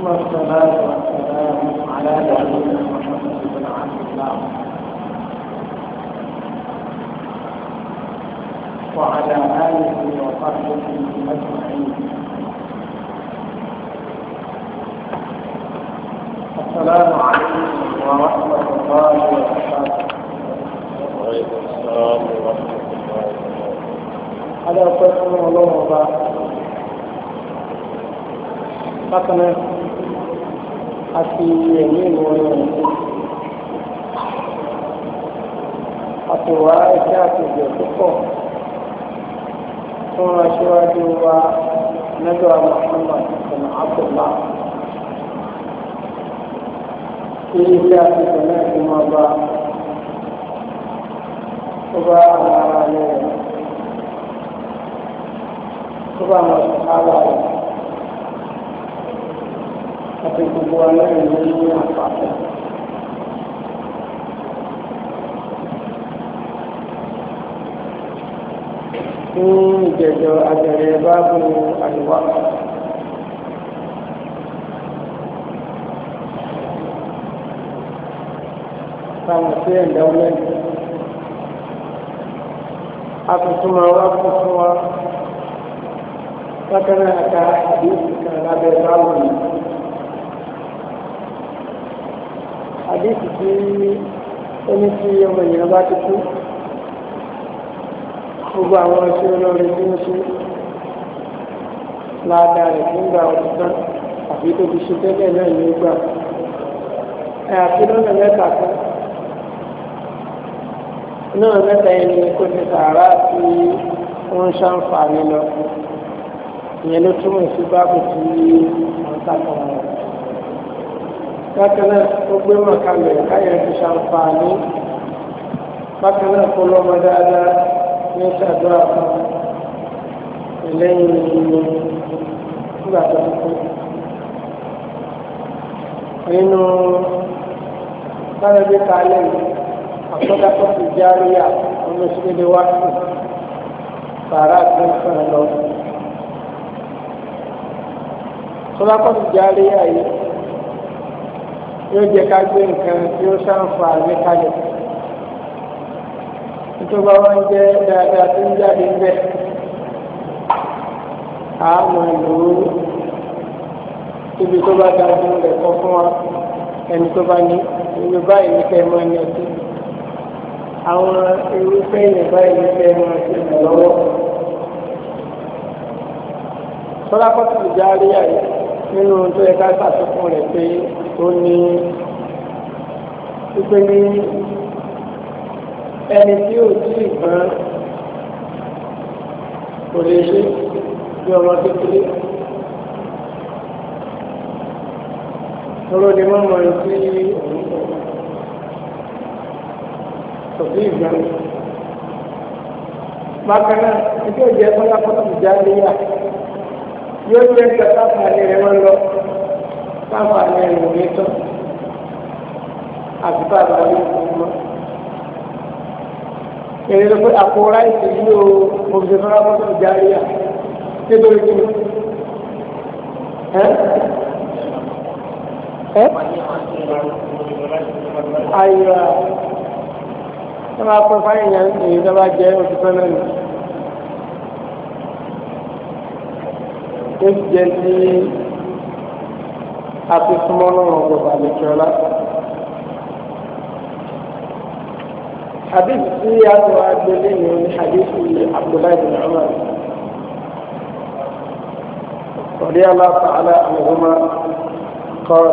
ثم الصلاة والسلام على نبينا محمد بن عبد الله وعلى آله وصحبه أجمعين السلام عليكم ورحمة الله وبركاته وعليكم السلام ورحمة الله وبركاته على قسم الله وبركاته àti ẹ̀mí ìwọ̀n ẹ̀kọ́. Àtìwá iṣẹ́ àtìjọ púpọ̀ fún aṣíwájú wa lọ́dọ̀ Muhammad bin Abdullah. Kí iṣẹ́ àtìjọ náà ti máa bá ó àwọn ará rẹ̀ ó àwọn ọ̀sán ara rẹ̀ àti gbogbo alẹ́rìn ló ní àpapọ̀. ní ìjẹ̀jọ́ àjẹ̀rẹ̀ báàbù àdìwá. táwọn sí ẹ̀ndáwọ́mẹ́ntì akutuma wa kutuwa bákan náà ká àdéhùn kan lábẹ́ báwọn yìí. tí ẹni tí ọmọ ènìyàn bá ti kú gbogbo àwọn ẹṣẹ́ ọlọ́rin tí ń ṣe láàdá rẹ̀ fún gba ọdún tán àbí tó fi ṣe tẹ́lẹ̀ náà ní gbà ẹ̀ àti lọ́nà mẹ́ta kan náà mẹ́ta yẹn ni kò ti sàárà tí wọ́n ń ṣàǹfààní lọ ìyẹn ló túmọ̀ sí báàbù tí wọ́n ń sàkọ̀ọ́ bákan náà ó gbé màkàlẹ̀ káyọ̀ fi ṣàǹfààní bákan náà kó lọ́mọ dáadáa ní ṣàdúrà fún ẹlẹ́yìn ìlú nígbà tó ti kú. nínú sábẹ́bí kalẹ̀ àkọ́dàkọ́ ti járíyà ọmọ ìṣẹ́lẹ̀ wá sí sàrà tó ń sàn lọ. sọ́dàkọ́ ti járíyà yóò jẹ́ ká gbé nǹkan tí ó ṣàǹfààní kalẹ̀ nítorí wọn jẹ́ dáadáa tó ń jáde bẹ́ẹ̀ àmọ́ lòó ibi tó bá dáa fún ẹ̀kọ́ fún wa ẹni tó bá ní ibi báyìí ní kẹ́ẹ̀ máa ní àwọn irúfẹ́ ìyẹn báyìí ní kẹ́ẹ̀ máa ṣe ìrànlọ́wọ́. sọlá kọ́tù ìjà àríyá nínú ohun tó yẹ ká ṣàtúnkùn rẹ̀ pé tó ní wípé ní ẹni tí ò tí ì gbọ́n kò lè ṣe bí ọmọ kékeré. Tọ́lọ́ ni wọ́n mọ sí òbí ìgbà. Bákan náà, ẹgbẹ́ ìjẹ́ fọlákọ́tù jáde yá. Yóò jẹ́ kẹta kan ní rẹ̀ wọ́n lọ táwọn àlẹ́ ìròyìn tán àti táwọn àlẹ́ ìròyìn mọ́. Èrè ló pé àpò ráìsì yìí ó oṣù Fọlábọ́sọ̀ járí à nítorí kí ni. Àyà ẹ máa pẹ́ fáyìn yẹn èyí tó bá jẹ́ oṣù Fọlá nù. Ó àti súnmọ́ lọ́rùn ọgbọ̀gbà àlejòọ́lá. حديث سيئة وعدلين من حديث عبد الله بن عمر رضي الله تعالى عنهما قال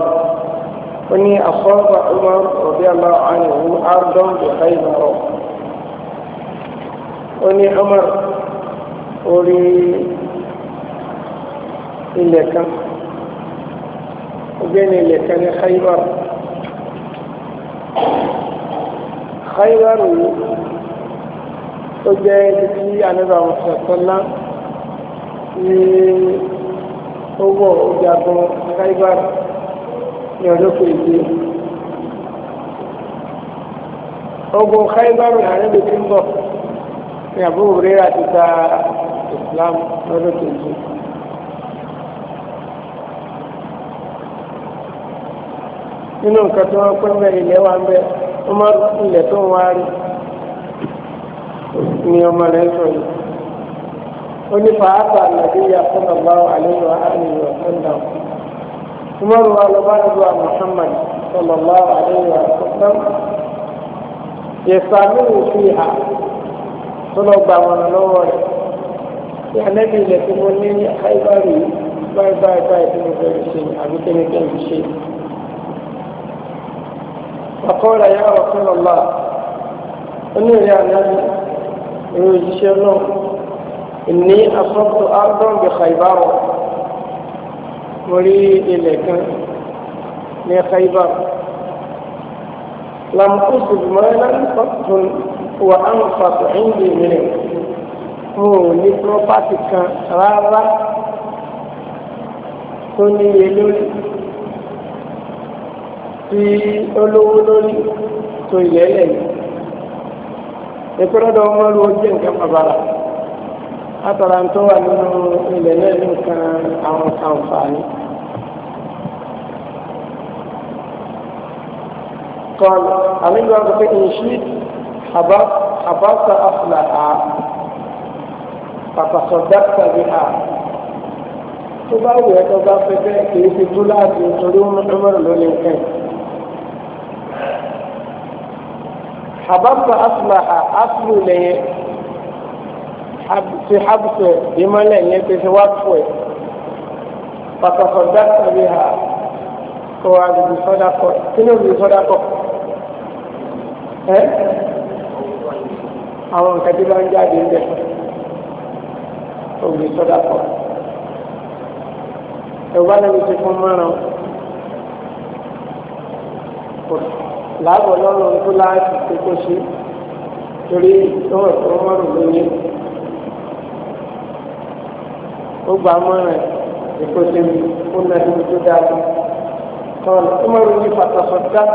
إني أصاب عمر رضي الله عنه أرضا بخيبر إني عمر أولي إلا كم ọ̀gbẹ́ni ilẹ̀ kan ní Khaybar Khaybar yìí ó jẹ́ títí anábà mùsùlùmí ní owó ìjagun Khaybar ní ọdún kejì ogun Khaybar làánú ti ń bọ̀ ní àbúrò rẹ̀ àti ta Islam lọ́dún kejì. nínú nǹkan tí wọ́n pín bẹ́ẹ̀ ilẹ̀ wa ń bẹ́ wọ́n máa ń ilẹ̀ tó ń wá rí ni ọmọ rẹ̀ sọ yìí. ó ní fàáfà nàbí yàtọ̀ bàbá àlejò àlejò ọ̀sánná umaru wa lọ bá nàbí wa muhammad sọlọ́lá àlejò ọ̀sánná yẹ̀sánú fi hà tó lọ gbà wọn lọ́wọ́ rẹ̀ kí anábì ilẹ̀ tí mo ní àìbá rí báyìí báyìí báyìí tí mo fẹ́ fi ṣe àbí kẹ́mi kẹ́mi fi ṣe. أقول يا رسول الله أني يا نبي يوجشنو إني أصبت أرضا بخيبر ولي إليك لخيبر لم أصب مالا قط وأنفق عندي منه mo ò ní pírọ́pátì kan rárá tó níye lórí tí olówó lórí tó ilẹ̀ ẹlẹ̀ yìí ìpínlẹ̀ ọmọ ló jẹ́ nǹkan pàbàrà látara tó wà nínú ilẹ̀ náà nìkan àwọn àǹfààní. قال عليه الصلاة والسلام إن شئت حبست أصلها فتصدقت بها tó bá wù ẹ́ tó bá fẹ́ bẹ́ẹ̀ kì í fi túláàsì nítorí ó ń mẹ́rin lónìí kẹ́yìn. habasa asulaha asulu le yẹ ti habasa imalẹ yẹ ti ṣe wáṣọ ẹ pàtàkì dákà bi ha kó wa bi sọdá kọ kínú bi sọdá kọ ẹ àwọn nǹkan tí wọn jáde ń bi sọdá kọ ẹ wá lẹbi ti fún márùn làbọ̀ lọ́rùn tó láti kókó sí torí lọ́wọ́ tó mọ́rùn lóyún ó gbà mọ́rùn ìkóso ó nàdí tó dáa kan. قال عمر لي فتصدق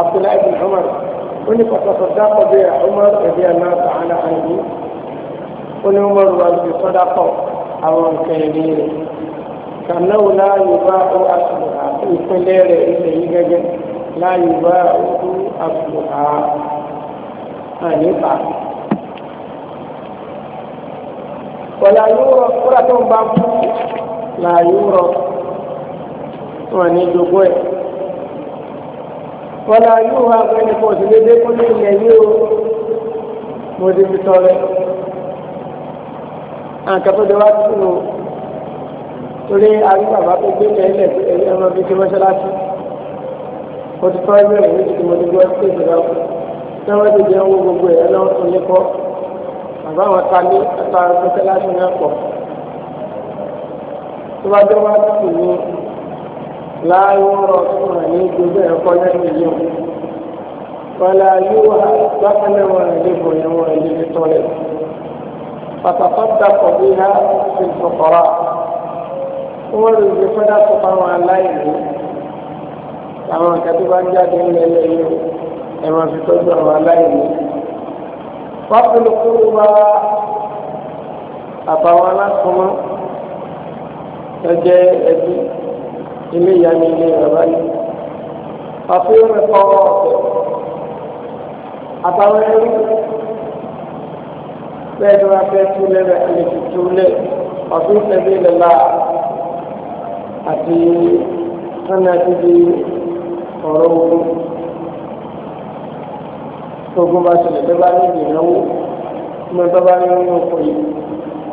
عبد الله بن عمر ولي فتصدق به عمر رضي الله تعالى عنه ولي عمر والدي صدقه أو كيمير كأنه لا يباع أصلها في كل ليلة إلا láyé bá ojú àbùhà àníbà. Wọ̀lá yóò rọ kúrà tó ń bá fún láyé rọ wọn ní gbogbo ẹ̀. Wọ̀lá yóò wá pẹ́ni kò sí dédé kó ní ilẹ̀ yìí o. Mo ti fi tọrẹ. Àǹkàtúndé wá sínú torí àrí bàbá tó gbé tẹ́lẹ̀ ẹ̀rọ bíi ti mọ́ṣáláṣí forty five years ní ti mo ti gbọ́ sí ìjọba kù táwọn ti jẹ́ owó gbogbo ẹ̀ lọ́wọ́ fún mi kọ́ bàbá àwọn ta ní ẹ̀ka pẹ́tẹ́ láti ní ẹ̀pọ̀ tó bá jẹ́ wá sí ní láàyò rọ̀ fún ẹ̀ ní gbogbo ẹ̀ kọ́ yìí o wàlá yóò wá bákan náà wà ní ìbò yẹn wọ̀ ẹ̀ níbi tọ́lẹ̀ pàtàkọ́ta kọ̀ bí ha ti sọ̀kọ̀ra wọ́n lè gbé fẹ́dà sọ̀kọ̀ra wọn aláìní àwọn nǹkan tó bá ń jáde ń lẹ́lẹ́ yìí ẹ máa fi tọ́jú àwọn aláìní. pápẹ́lú kúrú bá àbáwọn alákùnmọ́ ẹ jẹ́ ẹbí ilé ìyá ni ilé bàbá yìí. àfihàn ẹ̀kọ́ ọ̀fẹ́ àbáwọn ẹrú bẹ́ẹ̀ ni wọ́n fẹ́ túlẹ̀ rẹ̀ lè fi túlẹ̀ ọ̀fíìsì ẹ̀mí lẹ́la àti sọ́nà àti bíi ọ̀rọ̀ ogun ogun bá ṣẹlẹ̀ bẹ́ẹ̀ bá ní ìnáwó bẹ́ẹ̀ bá bá ní nínú oko yìí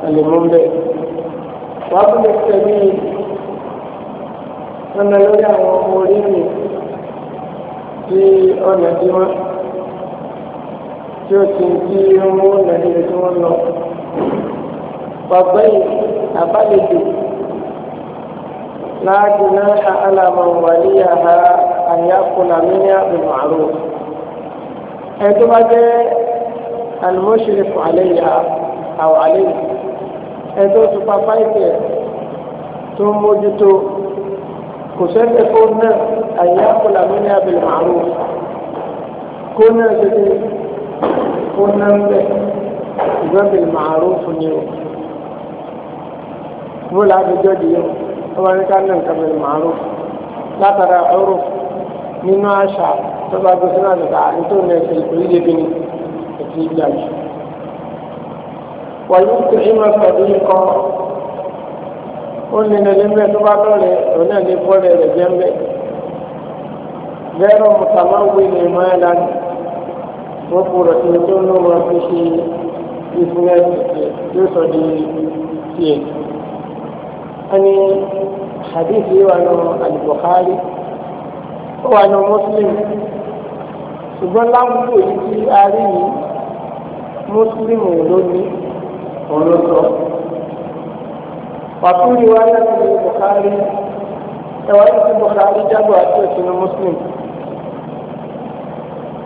àlèmọ́ ń bẹ̀. wàá fún mi tẹ̀lé ọ̀nà lórí àwọn ọmọ orí mi tí ọ̀nà tí wọ́n tí ó ti ń kí owó ọ̀nà níbi tí wọ́n lọ. wàgbẹ́yìn àbálẹ̀dẹ̀ láàdínà àlàmọ̀ wàlíyà ha àyàkùnà mímíà ìmàrú ẹni tó bá jẹ́ àlùmọ́ṣẹ́lẹ̀ fún àlẹ́yà àwọn àlẹ́yà ẹni tó tún pa fáìtì tó ń mójútó kò sẹ́ni fún náà àyàkùnà mímíà ìmàrú kó náà ṣe ti kó náà ń bẹ̀ di yẹn wọ́n bá ní ká ní nǹkan bẹ̀rẹ̀ látara ọrùn nínú àṣà tó bá gbé sínú àdùkà nítorí náà ṣe ìpèrí débi ni ètò ìgbà jù. wàyí tó ṣe máa pẹ̀lú ikọ́ ó ní lẹ́lẹ́ mbẹ́ tó bá lọ́ọ̀rẹ́ òun náà lè bọ́ lẹ́rẹ̀ jẹ́ mbẹ́. bẹ́ẹ̀rọ mùsàmá wí ni máa dá wọ́n kú rẹ̀ tó tó ló fi ṣe ìfúnná yóò sọ di tiẹ̀. a hadith yìí wà lọ́wọ́ al-Bukhari ó wà ní muslim ṣùgbọ́n láwùjọ yìí tí a rí muslim ló ní òun ló sọ. wàtúndì wa láti ní Bukhari ẹwà yìí tí jágbó àti òṣìṣẹ́ muslim.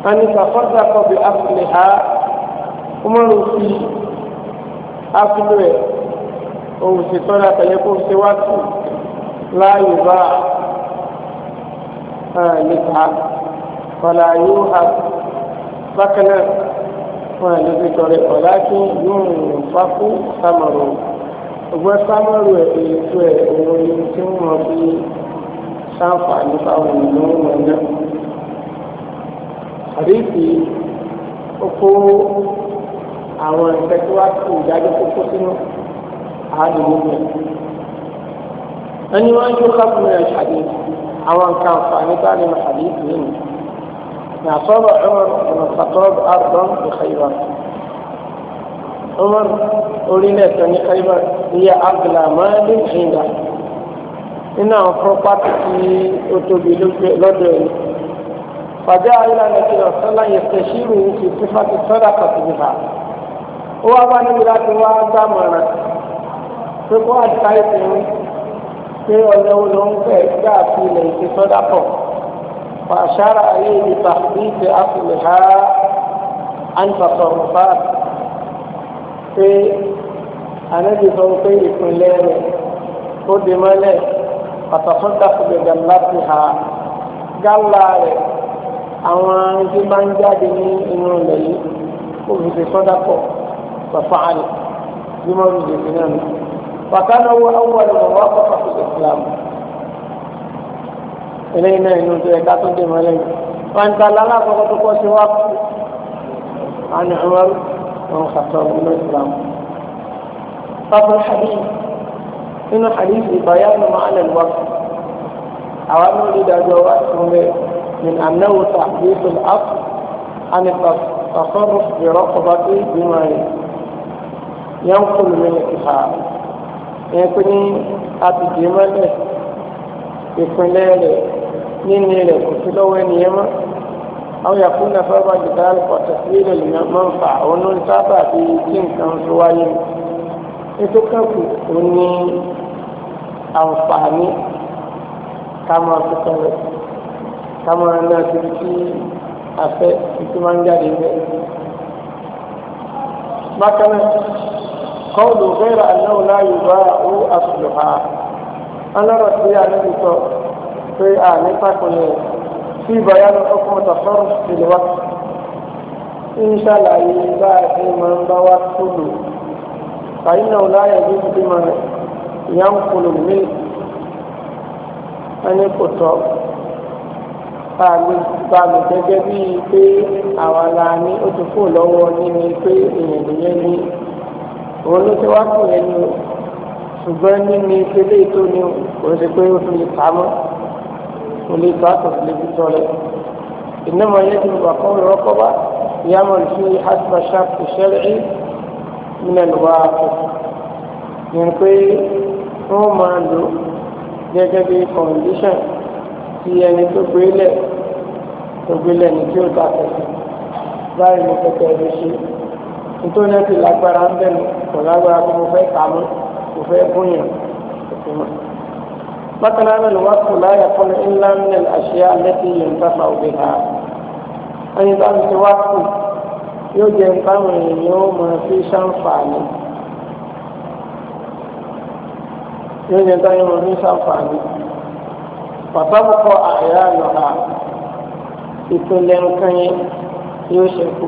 wọ́n ní sàkọ́sà kọ́ bí afúlẹ̀ ha kúmọ̀rún fi afúlẹ̀ òun ṣètọ́ra pẹ̀lẹ́ kó ṣe wá tù láàyè báà. يتعب ولا يوهب بكنا ولذي طريق ولكن ينفق ثمره ọgbọ́n sámọ́rù ẹ̀ ètò ẹ̀ òun ni tí wọ́n fi sáǹfààní fáwọn ènìyàn wọn náà àdéhìí ó kó àwọn ẹ̀fẹ́ tó wá sí ìdájọ́ kókó sínú àádùn nínú ẹ̀. ẹni wọ́n ń yóò kápẹ́ àwọn nǹkan àǹfààní bá nínú àdéhùn yìí ní àsọ́bà Umar bin Khattab ardọ́n ní Khaybar Umar orílẹ̀ tó ní Khaybar iye abdul amadé ìhìndà nínú àwọn pọ́pátì tí ó tóbi lọ́dọ̀ ẹ̀ فجاء إلى النبي صلى الله عليه وسلم يستشيره في صفة الصدقة بها هو أبا نبي الله تعالى مانا فقال سايتين pé ọ̀nà wo ló ń fẹ́ gbà fi lè ṣe sọ́dá pọ̀ fàṣàrà ayé ìta ìṣe àfihàn ha àǹtàtọ̀rọ̀ fáà pé ànábì sọ pé ìpínlẹ̀ rẹ̀ ó di mọ́lẹ̀ pàtàkó dàpọ̀ gàlá ti ha gàlá rẹ̀ àwọn tí máa ń jáde ní inú ilẹ̀ yìí kó fi ṣe sọ́dá pọ̀ pàfààlì bí wọ́n fi ṣe náà nù. فكان هو أول من وافق في الإسلام إلينا إنه تيكاتو دي ملي وأن قال لا فقطك وقت عن عمر من الخطاب من الإسلام ففي الحديث إن الحديث بيان معنى الوقت أوامر إذا جوازهم من أنه تحديث الأصل عن التصرف برقبة بما ينقل من الإسلام ìyẹn pé ní àtìdí mọ́lẹ̀ ìpínlẹ̀ rẹ̀ nínú rẹ̀ kò sí lọ́wọ́ ẹnìyẹn mọ́ àwọn yàtọ̀ náà fẹ́ bá jìdá àlùkọ̀tà sí ilẹ̀ lè máa ń fa àwọn ló ń sábà bí kí nǹkan tó wáyé ètò kẹ́kù tó ní àǹfààní ká máa fi sọ̀rọ̀ ká máa ná síbi tí afẹ́ tuntun máa ń jáde bẹ́ẹ̀. bákan náà kọ́ọ̀lù bẹ́ẹ̀rẹ̀ anáwó láàyè bá ó àṣùlù ha ọlọ́rọ̀ tí a ní sọ pé a ní pàkúnyẹ sí ìbáyánu ọkùnrin tàfọ́rọ̀ sílẹ̀ wá ìṣàlàyé bá a ti máa ń bá wá tó lò فإنه لا يجوز بما ينقل منه ẹni kò tọ́ bàmí gẹ́gẹ́ bíi pé àwa la ní ó ti kú lọ́wọ́ nínú pé èèyàn nìyẹn ní òun ló ti wá kù ẹni o ṣùgbọ́n nínú ìpele tó ní o ṣe pé o tún lè pa mọ́ o lè bá tó lè fi tọ́lẹ̀ ìnáwó yẹn ti wà kọ́ ọ̀rọ̀ kọ́ bá ìyá mọ̀ ní fi hasba sharp ìṣẹ́rẹ́ nílẹ̀ lọ́wọ́ àpò yẹn pé wọ́n máa lò gẹ́gẹ́ bí condition ti ẹni tó gbélé tó gbélé ni tí ó ta tẹ̀sí báyìí ni kẹ̀kẹ́ rẹ̀ ṣe nítorí ẹ̀ ti lágbára ń bẹ̀rù kò lágbára pé mo fẹ́ kà mú mo fẹ́ bóyàn òfin mọ́. bákan náà lè wá kò láyà fún ní ńlá nílẹ̀ àṣeyá lẹ́tí yẹn káfà òbí ha. ẹni tá ń ti wá kù yóò jẹ nǹkan èèyàn ó máa fi ṣàǹfààní. yóò jẹ nǹkan èèyàn ó máa fi ṣàǹfààní. pàtàkùkọ àyà lọ́ha ìpínlẹ̀ nǹkan yẹn yóò ṣẹ̀kù.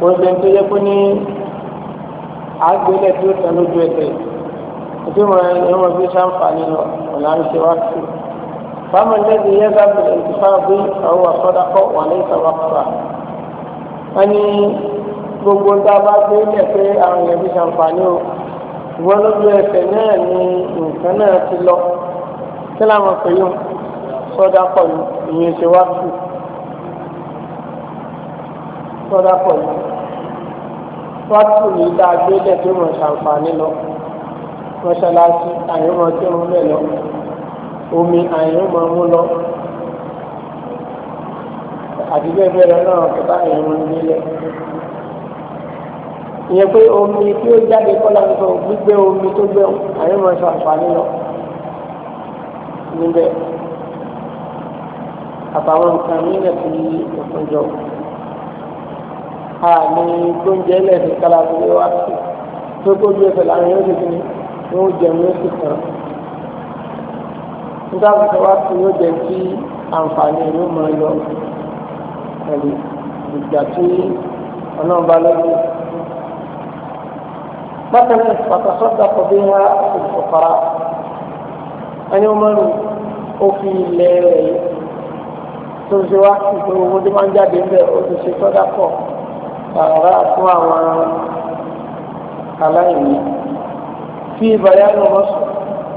wọ́n jẹ́ nítorí pé ní àgbélẹ̀ tí ó tẹ̀ lójú ẹsẹ̀ ìdí mọ̀ ẹni wọ́n fi ṣàǹfààní lọ ọ̀nà àìṣe wá sí i. fáwọn ẹlẹ́dìí yẹn dábìlì ìtìfá bí àwọn àsọdakọ̀ wà ní ìtàwá kúrà. wọ́n ní gbogbo tá bá gbé lẹ̀ pé àwọn ẹ̀bí ṣàǹfààní o ìwọ́n lójú ẹsẹ̀ náà ni nǹkan náà ti lọ kí làwọn pè yóò sọdakọ̀ ìyẹn ṣe wá sí i. sọdakọ̀ yìí fásitì ní ìdá agbélẹ̀ tó mọ̀ ṣàǹfààní lọ mọ́ṣáláṣí àyọ̀mọ̀ tó ń bẹ̀ lọ omi àyọ̀mọ̀ mú lọ àti bẹ́ẹ̀ bẹ́ẹ̀ lọ náà kọ́tà àyọ̀mọ̀ nílẹ̀ ìyẹn pé omi tí ó jáde kọ́lá ń sọ gbígbé omi tó gbé àyọ̀mọ̀ ṣàǹfààní lọ níbẹ̀ àtàwọn nǹkan nílẹ̀ fi òpin àmì gbóúnjẹ lẹ́sìn kálábù ló wá sí tó gbóúnjẹ pẹ̀lú àwọn yóò tètè ní wọn ó jẹun yóò sì kàn nígbà tó wá sí yóò jẹ kí àǹfààní ìlú máa lọ pẹ̀lú ìgbà tí ọlọ́run bá lọ́dún. bákan náà pàtàkọ́dà kò bí wá ìfọ̀fara ẹni ó máa ń ilẹ̀ rẹ̀ tó ń ṣe wá ìgbòho tó máa ń jáde ń bẹ̀ ó ti ṣe tọ́dà pọ̀ sàrà fún àwọn aláìní fi ìbáyánu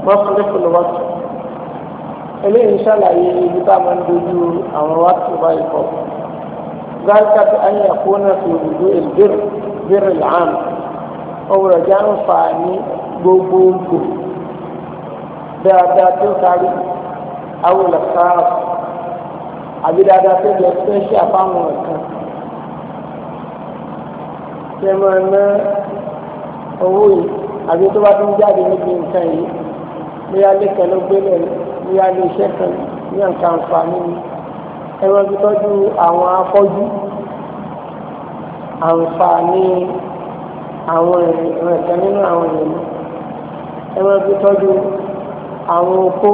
mọ́sùlùmí wọ́tù eléyìí ṣàlàyé ibi tá a máa ń dojú àwọn wọ́tù báyìí kọ́ ذلك بأن يكون في وجوه البر بر العام أو رجاء فاني gbogbogbò dáadáa tó kárí àwọn ìlàkà àbí dáadáa tó jẹ fẹ́ ṣe ẹ̀kan kí ẹ máa ná owó yìí àbí tó bá tún jáde níbi nǹkan yìí bóyá lẹ́kẹ̀ẹ́ ló gbélé bóyá lé iṣẹ́ kan ní nǹkan àǹfààní ni ẹ máa fi tọ́jú àwọn afọ́jú àǹfààní àwọn ẹ̀rọ ẹ̀kẹ́ nínú àwọn ènìyàn ẹ máa fi tọ́jú àwọn opó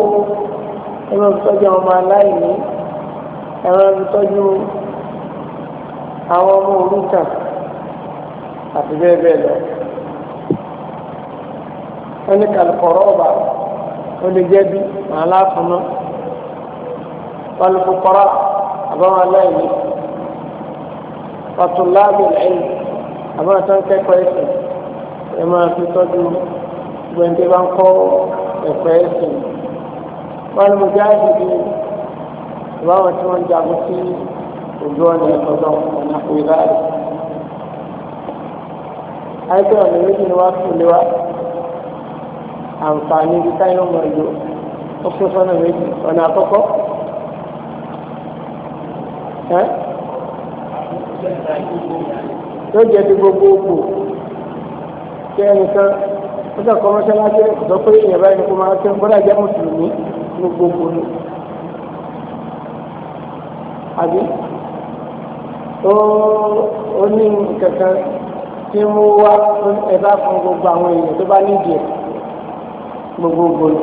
ẹ máa fi tọ́jú àwọn ọmọ aláìní ẹ máa tọ́jú àwọn ọmọ òrukàn àti bẹ́ẹ̀ bẹ́ẹ̀ lọ. wọ́n ní kàlùkọ̀rọ̀ ọ̀bà ó lè jẹ́ bí màá láfúnná wàlùkù kọ́ra àbáwọn aláìní pàtùláàbù ẹ̀yìn àbáwọn tó ń kẹ́kọ̀ọ́ ẹ̀sìn ẹ̀ máa fi tọ́jú gbẹ̀ǹdé bá ń kọ́ ẹ̀kọ́ ẹ̀sìn wàlùkù jáde àbáwọn tí wọ́n jagun sí ojú ọ̀nà ìtọ́jú ọ̀nà ìlú ààrẹ àìpẹ́ ọ̀nà méjì ni wàá fún léwá àǹfààní ibi táyọ̀ mọ̀ lò ó fún sọ́nà méjì ọ̀nà àkọ́kọ́ yóò jẹ́ ti gbogbogbò kí ẹnìkan ó sọ̀kọ́ mọ́ṣáláṣí sọ pé èèyàn báyìí kó máa tẹ́ bọ́dà jẹ́ mùsùlùmí ní gbogbo ni àbí ó ní kankan tí mo wá ẹ bá fún gbogbo àwọn èèyàn tó bá nídìí ẹ̀ gbogbogbò ni.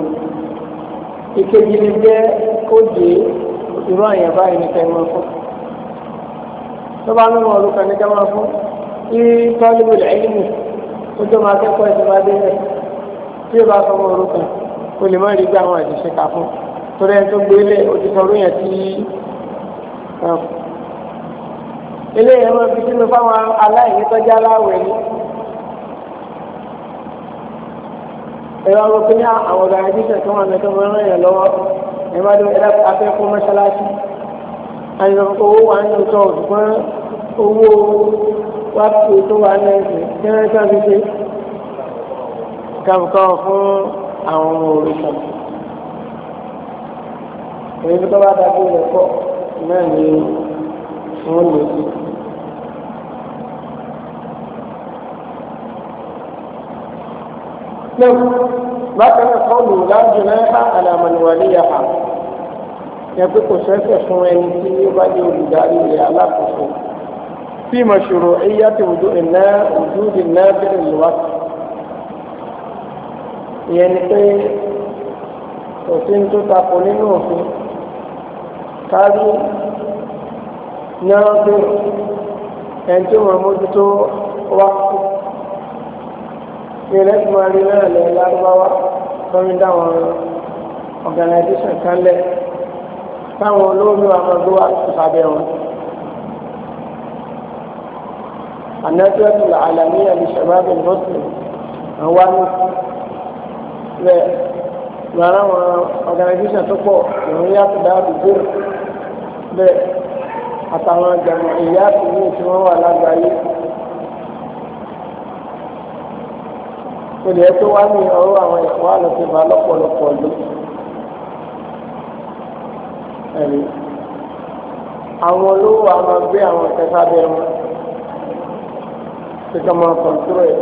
ìkejì ni jẹ́ òjè irú àyàn báyìí ní kẹ́mọ́ fún. tó bá mímọ olùkọ́ ní kẹ́mọ́ fún kí tọ́lú ilẹ̀ ẹ̀yìnmù tó tó máa kẹ́kọ̀ọ́ ẹ̀sìn máa dé rẹ̀ tí ó bá fọmọ olùkọ́ o lè má rí gbé àwọn àṣìṣe fún torí ẹni tó gbélé òtítọ́ lóyún ẹ̀ tí ilé yẹn máa fi sínú fáwọn aláìní tọ́jú aláwẹ̀ ni. ẹ̀rọ àwọn òpin àwọn organisation tó wà ní ẹ̀tọ́ máa ń ràn yàn lọ́wọ́ ẹ̀ máa dún ẹ̀rọ afẹ́kọ́ mọ́ṣáláṣí àyìnbó owó wà ní ọ̀tọ̀ ṣùgbọ́n owó wà pé tó wà ní ẹ̀sìn kí wọ́n ṣáà fi ṣe kàmùkàn fún àwọn ọmọ òrìṣà. èyí tó bá dájú rẹ̀ pọ̀ náà ni wọ́n lò sí. Náà bákan náà kọ́ọ̀lù láàjù náà há àlàmàlúwàlì yà há. Yẹ kò sẹ́sẹ̀ fún ẹni tí ó bá jẹ́ olùdarí rẹ̀ alákòóso. في مشروعية وجود الناس وجود النافع للوقت يعني كي òfin tó takò nínú òfin kárí náà tó ẹni tó máa mójútó wá kú ìrẹ́ tó máa rí náà lẹ̀ lárúbáwá tó ń dáwọn organisation kan lẹ̀ táwọn olóòlù amadu wa ti sábẹ́ wọn. الندوة العالمية لشباب المسلم àwọn àmì rẹ̀ lára àwọn organisation tó pọ̀ ìròyìn àtàwọn jàmọ̀ ìyá àtúnyẹ tí wọ́n wà lágbàáyé. olè tó wá ní ọ̀rọ̀ àwọn ẹ̀kọ́ àlọ́tẹ̀bà lọ́pọ̀lọpọ̀ ló. àwọn olówó a máa gbé àwọn kẹta bẹ wọn kíkọ́ máa kọ̀ǹtúrò ẹ̀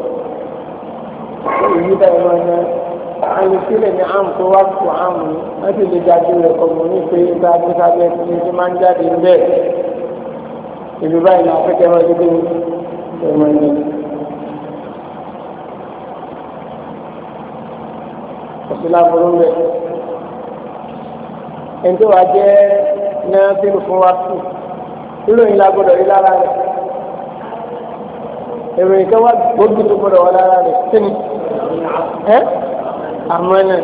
lórí yíyá ẹ̀ náà àyè sílẹ̀ ní àmù tó wá kó àmù ní wọ́n sì lè jáde rẹ̀ kọ̀ọ̀mù ní pé bá a ti sábẹ́ ẹni tí máa ń jáde ń bẹ̀. ìlú báyìí náà fẹ́kẹ́ wọ́n dédé ẹ̀wọ̀n ni. òṣìlá burú rẹ̀ ẹni tó wá jẹ́ náà bí fún wa kù ìròyìn la rí lára rẹ̀ ìròyìn kan wá gbógun tó gbọ́dọ̀ wá lára rẹ̀ kí ni àmọ́nà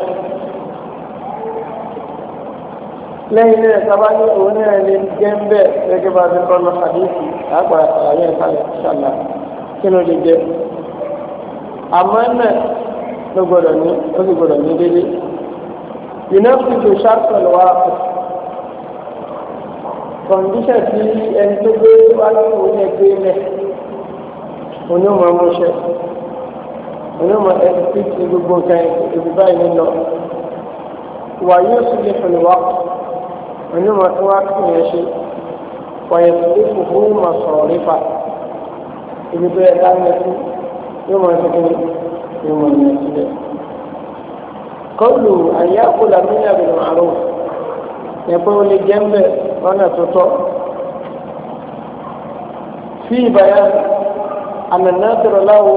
lẹ́yìn náà sábà ní òun náà lè jẹ́ ń bẹ́ẹ̀ gẹ́gẹ́ bá ti kọ́ lọ àdéhùn àgbàrá àlàyé ìsàlẹ̀ ṣàlà kí ló lè jẹ́ àmọ́nà ló gbọ́dọ̀ ní ó sì gbọ́dọ̀ ní délé ìnáfi tó ṣàtọ̀lù wa kọ̀ǹdíṣẹ̀ tí ẹni tó gbé wá lọ́wọ́ ní ẹgbẹ́ ilẹ̀ onímọ̀ ọmọọṣẹ́ onímọ̀ ẹni tí ti gbogbo nǹkan ibi báyìí ń lọ wà yóò sì lè fún wa onímọ̀ tí wàá tún yẹn ṣe wà yẹn tó lè fún fún mà sọ̀rọ̀ nípa ibi tó yẹ dáná sí yóò mọ̀ ẹni tó yóò mọ̀ ẹni tó lẹ̀. kọ́lù àyà kúlà mílíọ̀nù bìnnú àrùn ẹ̀pẹ́ olè jẹ́ńbẹ̀ lọ́nà tó tọ́ ìbáyà àmì náà tẹ̀rọ láwo.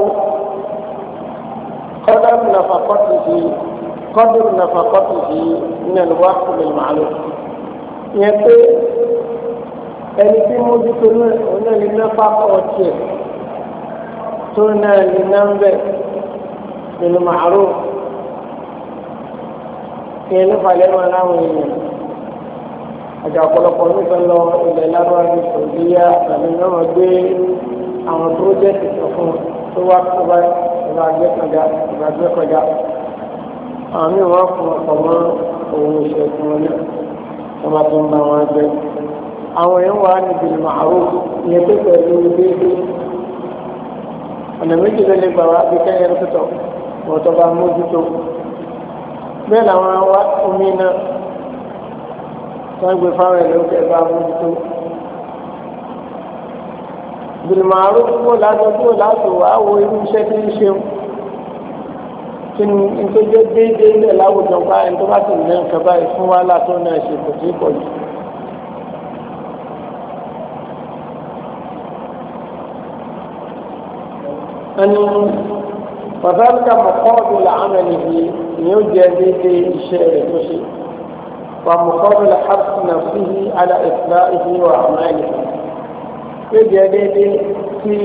قدر نفقته قدر نفقته من الوقت بالمعروف yẹn pé ẹni tí mójútó náà lè ná pápá ọtí ẹ tó náà lè ná ń bẹ nínú màárù yẹn ló falẹ̀ máa láwọn èèyàn àjà ọ̀pọ̀lọpọ̀ nípa lọ ilẹ̀ lárúbáwá ní sòdíyà tàbí náà gbé àwọn pírójẹ́tì kan fún tó wá tó báyìí ọba agbẹ́kọ̀dá ọba agbẹ́kọ̀dá àmì wọn fún ọkọ̀ mọ́ òun ìṣẹ̀kùn ọ̀nà ọba tó ń bá wọn gbẹ. àwọn èèyàn wà níbi màáwó ìyẹn tó pẹ̀lú déédé ọ̀nà méjì ló lè gbà wá bí kẹ́yẹ lọ́tọ̀ ọ̀tọ̀ bá mójútó bẹ́ẹ̀ làwọn omi náà wọ́n gbé fáwọn ẹ̀lẹ́wọ̀n kẹ́ bá mójútó. bìrìmàrú kó lásán kó lásán wà á wo irú iṣẹ́ tí ń ṣe kí ni tó jẹ́ déédéé ilẹ̀ láwùjọ bá ẹni tó bá sì ní nǹkan báyìí fún wàhálà tó náà ṣe kò tí pọ̀ jù. ẹni pàtàkì mọ̀kọ́ọ̀dù làámẹ́lì yìí ni ó jẹ́ déédéé iṣẹ́ rẹ̀ tó ṣe wà mọ̀kọ́ọ̀dù làhàbùnà fìhí àlà ìfúráìhí wà àmàlì yìí. tó jẹ́ déédéé sí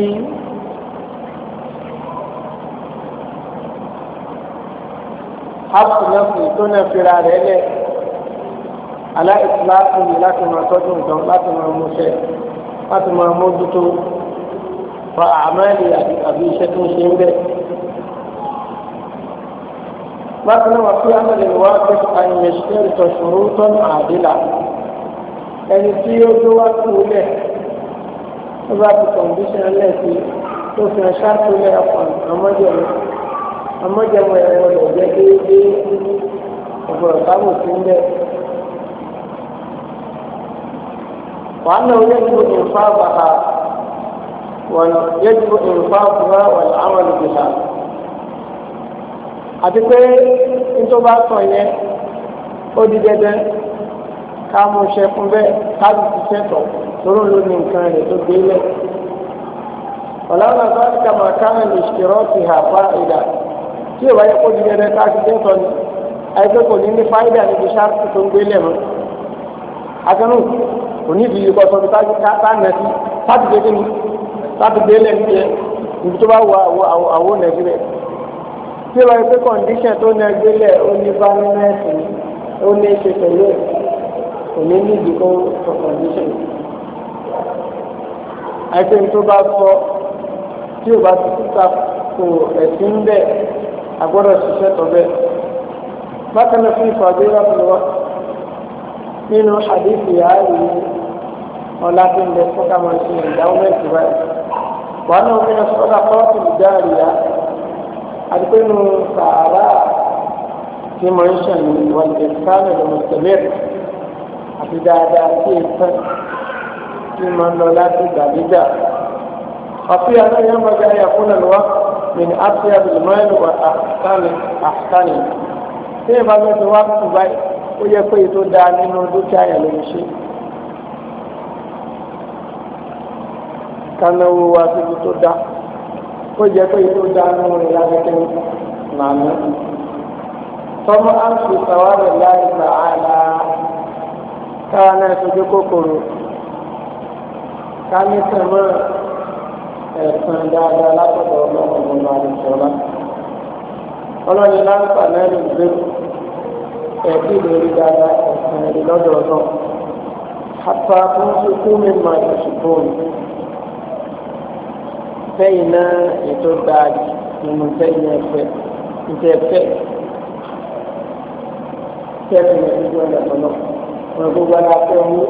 hapsinasi tó náà fira rẹ̀ lẹ̀ aláìsíláàfù ni láti máa tọ́jú nǹkan láti máa múṣẹ́ láti máa mójútó fa àmàlì àbí iṣẹ́ tó ń ṣe ń bẹ̀. bákan náà wà pé amẹ́lẹ̀ wá pé àyẹ̀ṣẹ́ ìtọ̀ṣòro tọ́nà àdìlà ẹni tí ó dó wá sí ilẹ̀ tó bá ti kọ̀ǹdíṣàn lẹ́sìn tó fi hàn ṣáàtú lẹ́ọ̀kan àmọ́jẹ̀mọ́ àmọ́jẹ̀mọ́ ẹ̀rọ rẹ̀ jẹ́ déédéé ọ̀gbọ̀n sábò sí ń bẹ̀. وأنه يجب إنصافها ويجب إنصافها والعمل بها àti pé nítorí bá sọ yẹn ó di dandan ká mú iṣẹ́ fún bẹ́ẹ̀ ká sì ṣiṣẹ́ tọ̀ fún tóró ló ní nǹkan rẹ̀ tó gbé lẹ̀. ọ̀làwọ̀n àgbàdo kàmá kánà lè ṣèrọ́ ti hà fa ìdá tí ò wáyé kó dídé rẹ̀ káàkiri tẹ́tọ̀ ni àìsàn kò ní ní fáìdà níbi ṣáàtì tó ń gbé lẹ̀ mọ́. akẹ́nu kò ní ìdíyí kọ́ sọ́dún táàkì káàkiri táàkì gbé ní táàkì gbé lẹ̀ níbi ibi tó bá wọ àwo nàìjíríà tí ò wáyé pé kọ̀ǹdíṣàn tó ní ẹgbẹ́ o ó ní bá ní mẹ́sìn o ní ṣe pẹ̀lú ẹ̀ kò ní ní ìdíkọ́ kọ̀ǹdíṣàn àìsàn tó bá sọ tí ò bá ti síta kò ẹ̀sìn bẹ́ àgbọ́dọ̀ ṣiṣẹ́ tọ́ bẹ́ẹ̀. bákan náà fífa bí wọ́n wá nínú àdéhùn yáàrí ọ̀la tó ń bẹ fọ́nká máa ṣe ìdáwọ́mẹ́ntì báyìí. wàá náà wọ́n fi ọ̀la pọ́ọ̀tù ìdáàrí yá àdúgbò nù sàárà tí mo ń ṣàyẹ̀wò ìwọ̀n ìfẹ́ sáà lọ́mọ àti dáadáa sí ìtàn tí máa ń lọ láti gbàdégbà. àfi àlàyé àmàgbé àyàfúnà ni wá mìíní àti àbìlùmọ́ẹ́lì wà àkàní àkàní. tí ìbá lọ sí wá kù báyìí ó yẹ pé ètò dáa nínú dúkìá yẹn lè ṣe. kánáwó wa síbi tó dá ó jẹ pé ètò dáa nínú ìlànà kẹ́mi màmí. tọ́mọ́ àǹtí sàwárẹ̀ láì sàálà káwa náà ṣojú kòkòrò ká ní sẹ́mọ́ ẹ̀sán dáadáa látọ̀dọ̀ ọlọ́run ọmọ àdìsọ́lá ọlọ́run láǹfà náà lè gbé ẹ̀bí lórí dáadáa ẹ̀sán ẹ̀rí lọ́dọ̀ náà apá tó ń sukú mi máa ti sùkú mi fẹ́yìn náà ètò dáadì nínú fẹ́yìn ẹ̀fẹ́ ìtẹ̀fẹ́ tẹ́fù ní ìjọ ìlànà náà wọn gbogbo aláfẹ́ wọn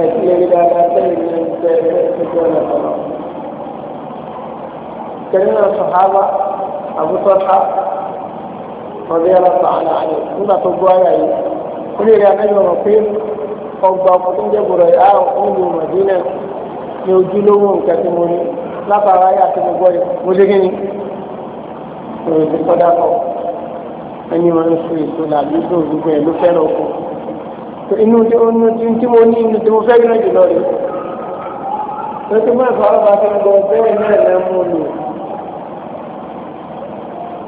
ẹ̀sìn lè rí dáadáa sẹ́yìn ní ẹgbẹ́ ẹgbẹ́ ọ̀nà ọ̀nà. kẹ́rin náà sọ̀hábà àbútọ́ta ọ̀dẹ́ yàrá sàánà àyè nígbà tó gbọ́ ayà yìí ó lè rí anájọ́ ọ̀rọ̀ pé ọgbà ọkọ̀ tó ń jẹ́ bùrọ̀ yà á òǹdù mọ̀dínà ní ojúlówó nǹkan tí mo ní látara ayà tí mo gbọ́ yìí mo dé kíni òròdì sọ́dá kọ̀ ẹni wọn ń fi èso làbí gbogbo ẹ̀ ló fẹ́ràn ọkọ̀ inú tí ó nu tí mo ní inú tí mo fẹ́ yín jùlọ rẹ̀ lọ́tí mọ́ ẹ̀fọ́ ọba fẹ́ gbọ́ bẹ́ẹ̀ náà lẹ́ mú lò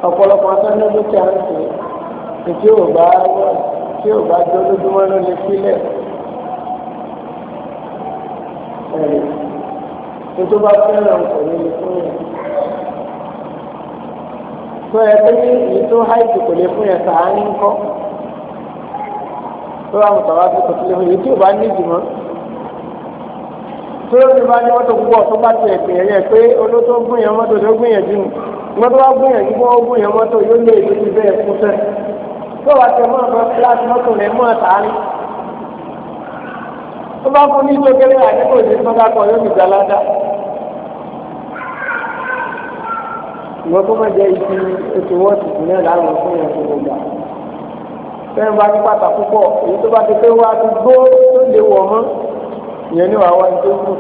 ọ̀pọ̀lọpọ̀ atọ́nà dúkìá ń sè tí ò bá tí ò bá jó lójúmọ́ ló lè sílẹ̀ ẹ̀rì tó bá fẹ́ràn kò ní lè fún yẹn tó ẹ pé èyí tó háìtì kò lè fún yẹn sàá kọ́ tó wà mọ̀ tàwa tó tọ́tí lẹ́wọ̀n èyí tí ò bá ní ìdìmọ́ tó ló ti bá ní mọ́tò púpọ̀ tó bá tiẹ̀ gbìyànjú ẹ̀ pé olótó gbìyànjú mọ́tò tó gbìyànjú mọ́tò wá gbìyànjú kó gbìyànjú mọ́tò yóò lé èdè ti bẹ́ẹ̀ fún sẹ́ tó wà tẹ mọ́ ọ̀nà kíláàsì mọ́tò rẹ̀ mọ́ àtàárí tó bá fún ní tó kéré àdébò ní sọ́dá kan yóò fi gbalada ìwọ́n tó mọ̀ jẹ́ ibi ètò wọ́ọ̀tì náà láwọn fún ìrìn àjò gbogbo fẹ́ẹ́ bá ní pàtà púpọ̀ èyí tó bá ti pé wá ti gbó tó lè wọ̀ mọ́ ìyẹn ní wàá wá ní tó kù.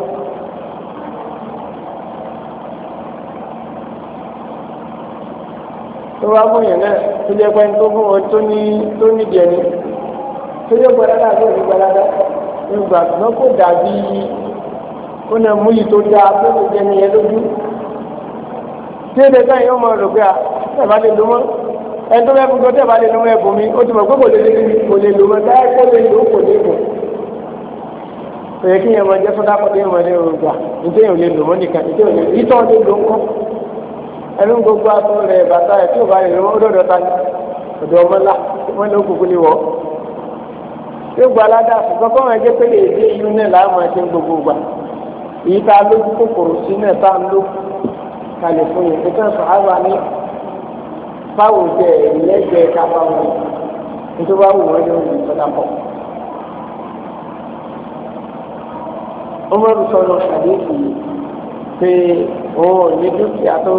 tó wá mú yẹn náà tó jẹ́ pé tó fún wọn tó ní tó ní jẹ ni tó jẹ́ gbọ́dọ̀ náà tó ní gbọ́dọ̀ nígbà tó kò dàbí ó náà mú yìí tó dáa tó kò jẹ nìyẹn lójú. tí èdè káyọ̀ máa rò pé à ẹ̀ bá lè dùn mọ́. ẹni tó bẹ fún tó tẹ̀bá lè lo ẹ̀bùn mi ó ti mọ̀ pé kò lè kò lè lo mọ̀ táyà kó lè kò lè kò yẹ kí yẹn mọ jẹ́ sọ́dá yẹn mọ gbà yẹn ò lè lò nìkan yẹn ìtọ́ lè ńkọ́ ẹnu gbogbo aṣọ rẹ̀ bàtà tí ò bá lè ta ni ọmọ ńlá wọ́ a báwo jẹ ìlẹ́gbẹ̀ẹ́ kápá wọn nítorí wàá wò wọ́n ní oṣù sọ́dá pọ̀. Umaru sọ̀rọ̀ àdéhùn yìí pé òun ò ní dúkìá tó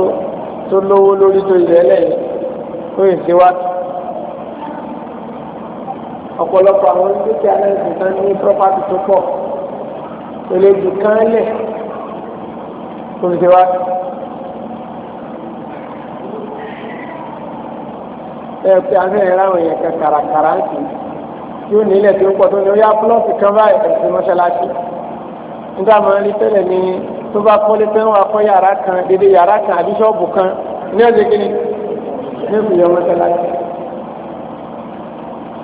tó lówó lórí tó ilẹ̀ lẹ́yìn tó yìí ti wá. ọ̀pọ̀lọpọ̀ àwọn dúkìá náà ti tán ní pírọ́pátì tó pọ̀. èlejò kan lẹ̀ tó ti ẹ pé àánú ẹ̀ ráwọn yẹn kan kàràkàrà ń sìn tí ó nílẹ̀ tí ó pọ̀ tó ní ó yá búlọ́ọ̀kì kan báyìí ẹ̀sìn mọ́ṣáláṣí nígbà máa ń rí tẹ́lẹ̀ ní tó bá kọ́lé pé wọ́n akọ́ yàrá kan dédé yàrá kan àbí ṣọ́ọ̀bù kan ní ọ̀sẹ̀ kìíní ní ìfìyà mọ́ṣáláṣí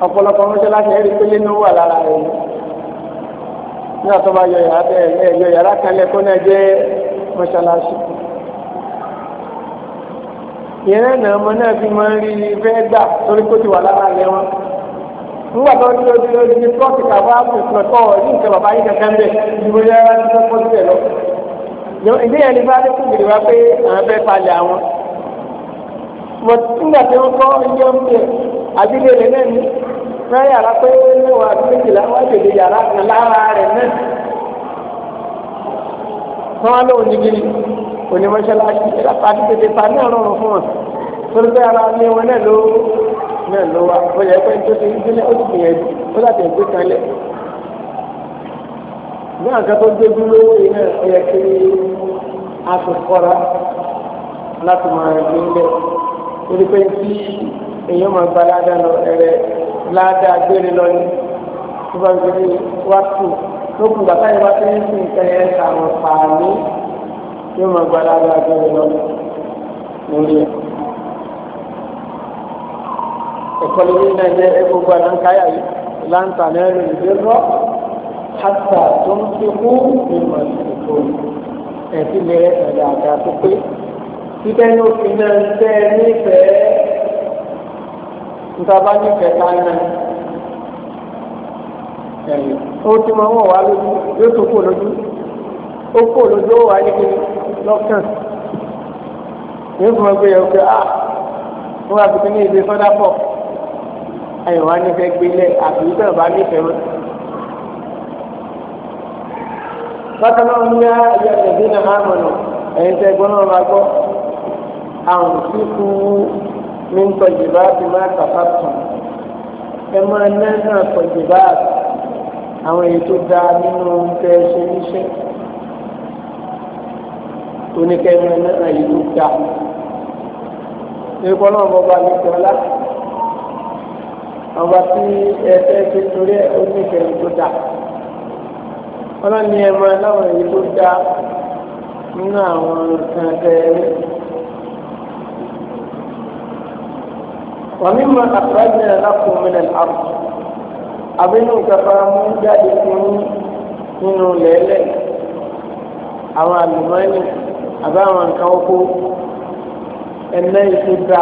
ọ̀pọ̀lọpọ̀ mọ́ṣáláṣí ẹ̀rí pé lé ní ó rẹ̀ nígbà tó yọ yàrá kan lẹ́kọ́ náà jẹ́ mọ́ṣáláṣí ìrẹ́ náà ọmọ náà fi máa ń rí i fẹ́ gbà torí kó ti wà lára rẹ wọn. nígbà tó ń dúró dúró di kọ́ọ̀tù kàwé àpòsùn ọ̀tọ̀ ní nǹkan bàbá yìí kankan bẹ̀ ìdìbò yára ti fẹ́ kọ́ sílẹ̀ lọ. ìdí yẹn ni bá dé kúndìrì wá pé àwọn fẹ́ palẹ̀ àwọn. mo nígbà tí wọ́n kọ́ ilé oúnjẹ àdílé rẹ̀ náà ní fẹ́ yàrá pé mẹ́wàá méjìlá wá tètè yàrá kan lára rẹ̀ náà onímọ̀ṣáláṣí láti tètè pa náà rọrùn fún wọn torí pé ara ilé wọn náà ló náà ló wà ó yẹ pé tó ti gbélé ó ti gbìyànjú ó láti gbé kanlẹ̀ ní àgbà tó gbé dúró yìí náà ó yẹ kí a ti kọ́ra láti máa gbé lẹ̀ torí pé tí èèyàn máa gba ládàá lọ ládàá gbére lọ ní tó bá gbé wá tù lókùn bàtà yìí wá sí ní nǹkan yẹn kà wọ́n yóò máa gba lára àgbẹ̀rẹ̀ lọ lórí ẹ̀. ẹ̀kọ́ lórí náà jẹ́ gbogbo àná káyà yìí láǹtà náà lè dé rọ́ hàtà tó ń fi kú ní màsìkò ẹ̀sìn lè ẹ̀rẹ̀ àga tó pé síbẹ̀ ní òfin náà ń tẹ́ ẹ nífẹ̀ẹ́ ntaba nífẹ̀ẹ́ ká náà ẹ̀yìn ó ti máa ń wọ̀ wá lójú yóò tó kó lójú ó kó lójú ó wà ní kíni lọ́kàn yóò fún ọgbẹ́ yẹn pé ah wọ́n wá fi kíní ìdè sọ́dá pọ̀ ayọ̀ wá nífẹ̀ẹ́ gbélé àbí ìtàn bá nífẹ̀ẹ́ mọ́. bákan náà ní ayé ẹ̀dí náà máa mọ̀ nù ẹ̀yin tẹ́ gbọ́n náà máa gbọ́ àwọn òṣìkú mi ń tọ́jú bá ti máa kàfà tán ẹ máa náà náà tọ́jú bá àwọn èyí tó dáa nínú tẹ́ ṣe níṣẹ́ oníkẹ́mi náà yìí ló dá ìkọ́ náà bọ́ bá mi tọ́ lá ọba tí ẹsẹ̀ ti torí ẹ̀ oníkẹ́mi tó dá ọlọ́ni ẹ̀ máa láwọn èyí tó dá nínú àwọn nǹkan tẹ́lẹ̀. ومما أخرجنا لكم من الأرض أبنو كفامو جادكم منو ليلة أو المانيا àbáwọn nǹkan oko ẹ̀nà ètò da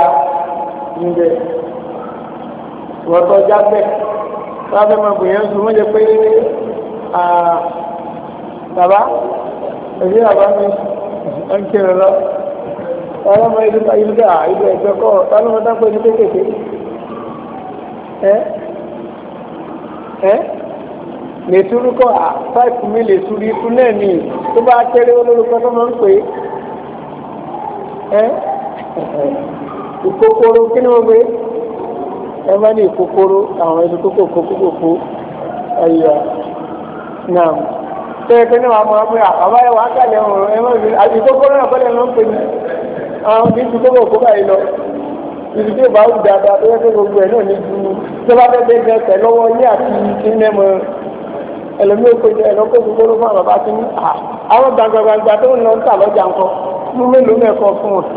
níbẹ̀ wọ́tọ̀ jábẹ́ sábẹ́ máa bòyàn sùn wọ́n jẹ pé bàbá èyí bàbá mi ń kiri lọ ọlọ́mọ ìlúkà ìlúkà ìlú ẹ̀jọ́ kọ́ ọlọ́mọ dápẹ́ ní kéékèèké ẹ́ ẹ́ lẹ́túrúkọ five mi lẹ́túrú ikú náà ni tó bá kéré olórúkọ tó máa ń pè é ìkókóró kí ni wọ́n pè é ẹ má ní ìkókóró àwọn ẹni kókó kókó ayọ̀ náà tẹ́ẹ̀kẹ́ ní wàá mọ̀ ọ́n pé àbá ẹ̀ wàá kàlẹ̀ ọ̀rọ̀ ẹ̀ má bí àti ìkókóró náà kọ́lẹ̀ ló ń pè ní àwọn kì í ju kókó kó báyìí lọ ibi tí ìbáwù dáadáa tó yẹ kó gbogbo ẹ̀ náà ní ju tó bá fẹ́ bẹ́ẹ̀ bẹ́ẹ̀ tẹ̀ lọ́wọ́ ní àti kí mọ́ ẹlòmíì ó kojú ẹlọ́kọ́ gbogbo ló fún àbàbà tí ní à àwọn gbàgbàgbà tó ń lọ ń tà lọ́jà ńkọ mú mélòó mẹ́kọ fún wọn.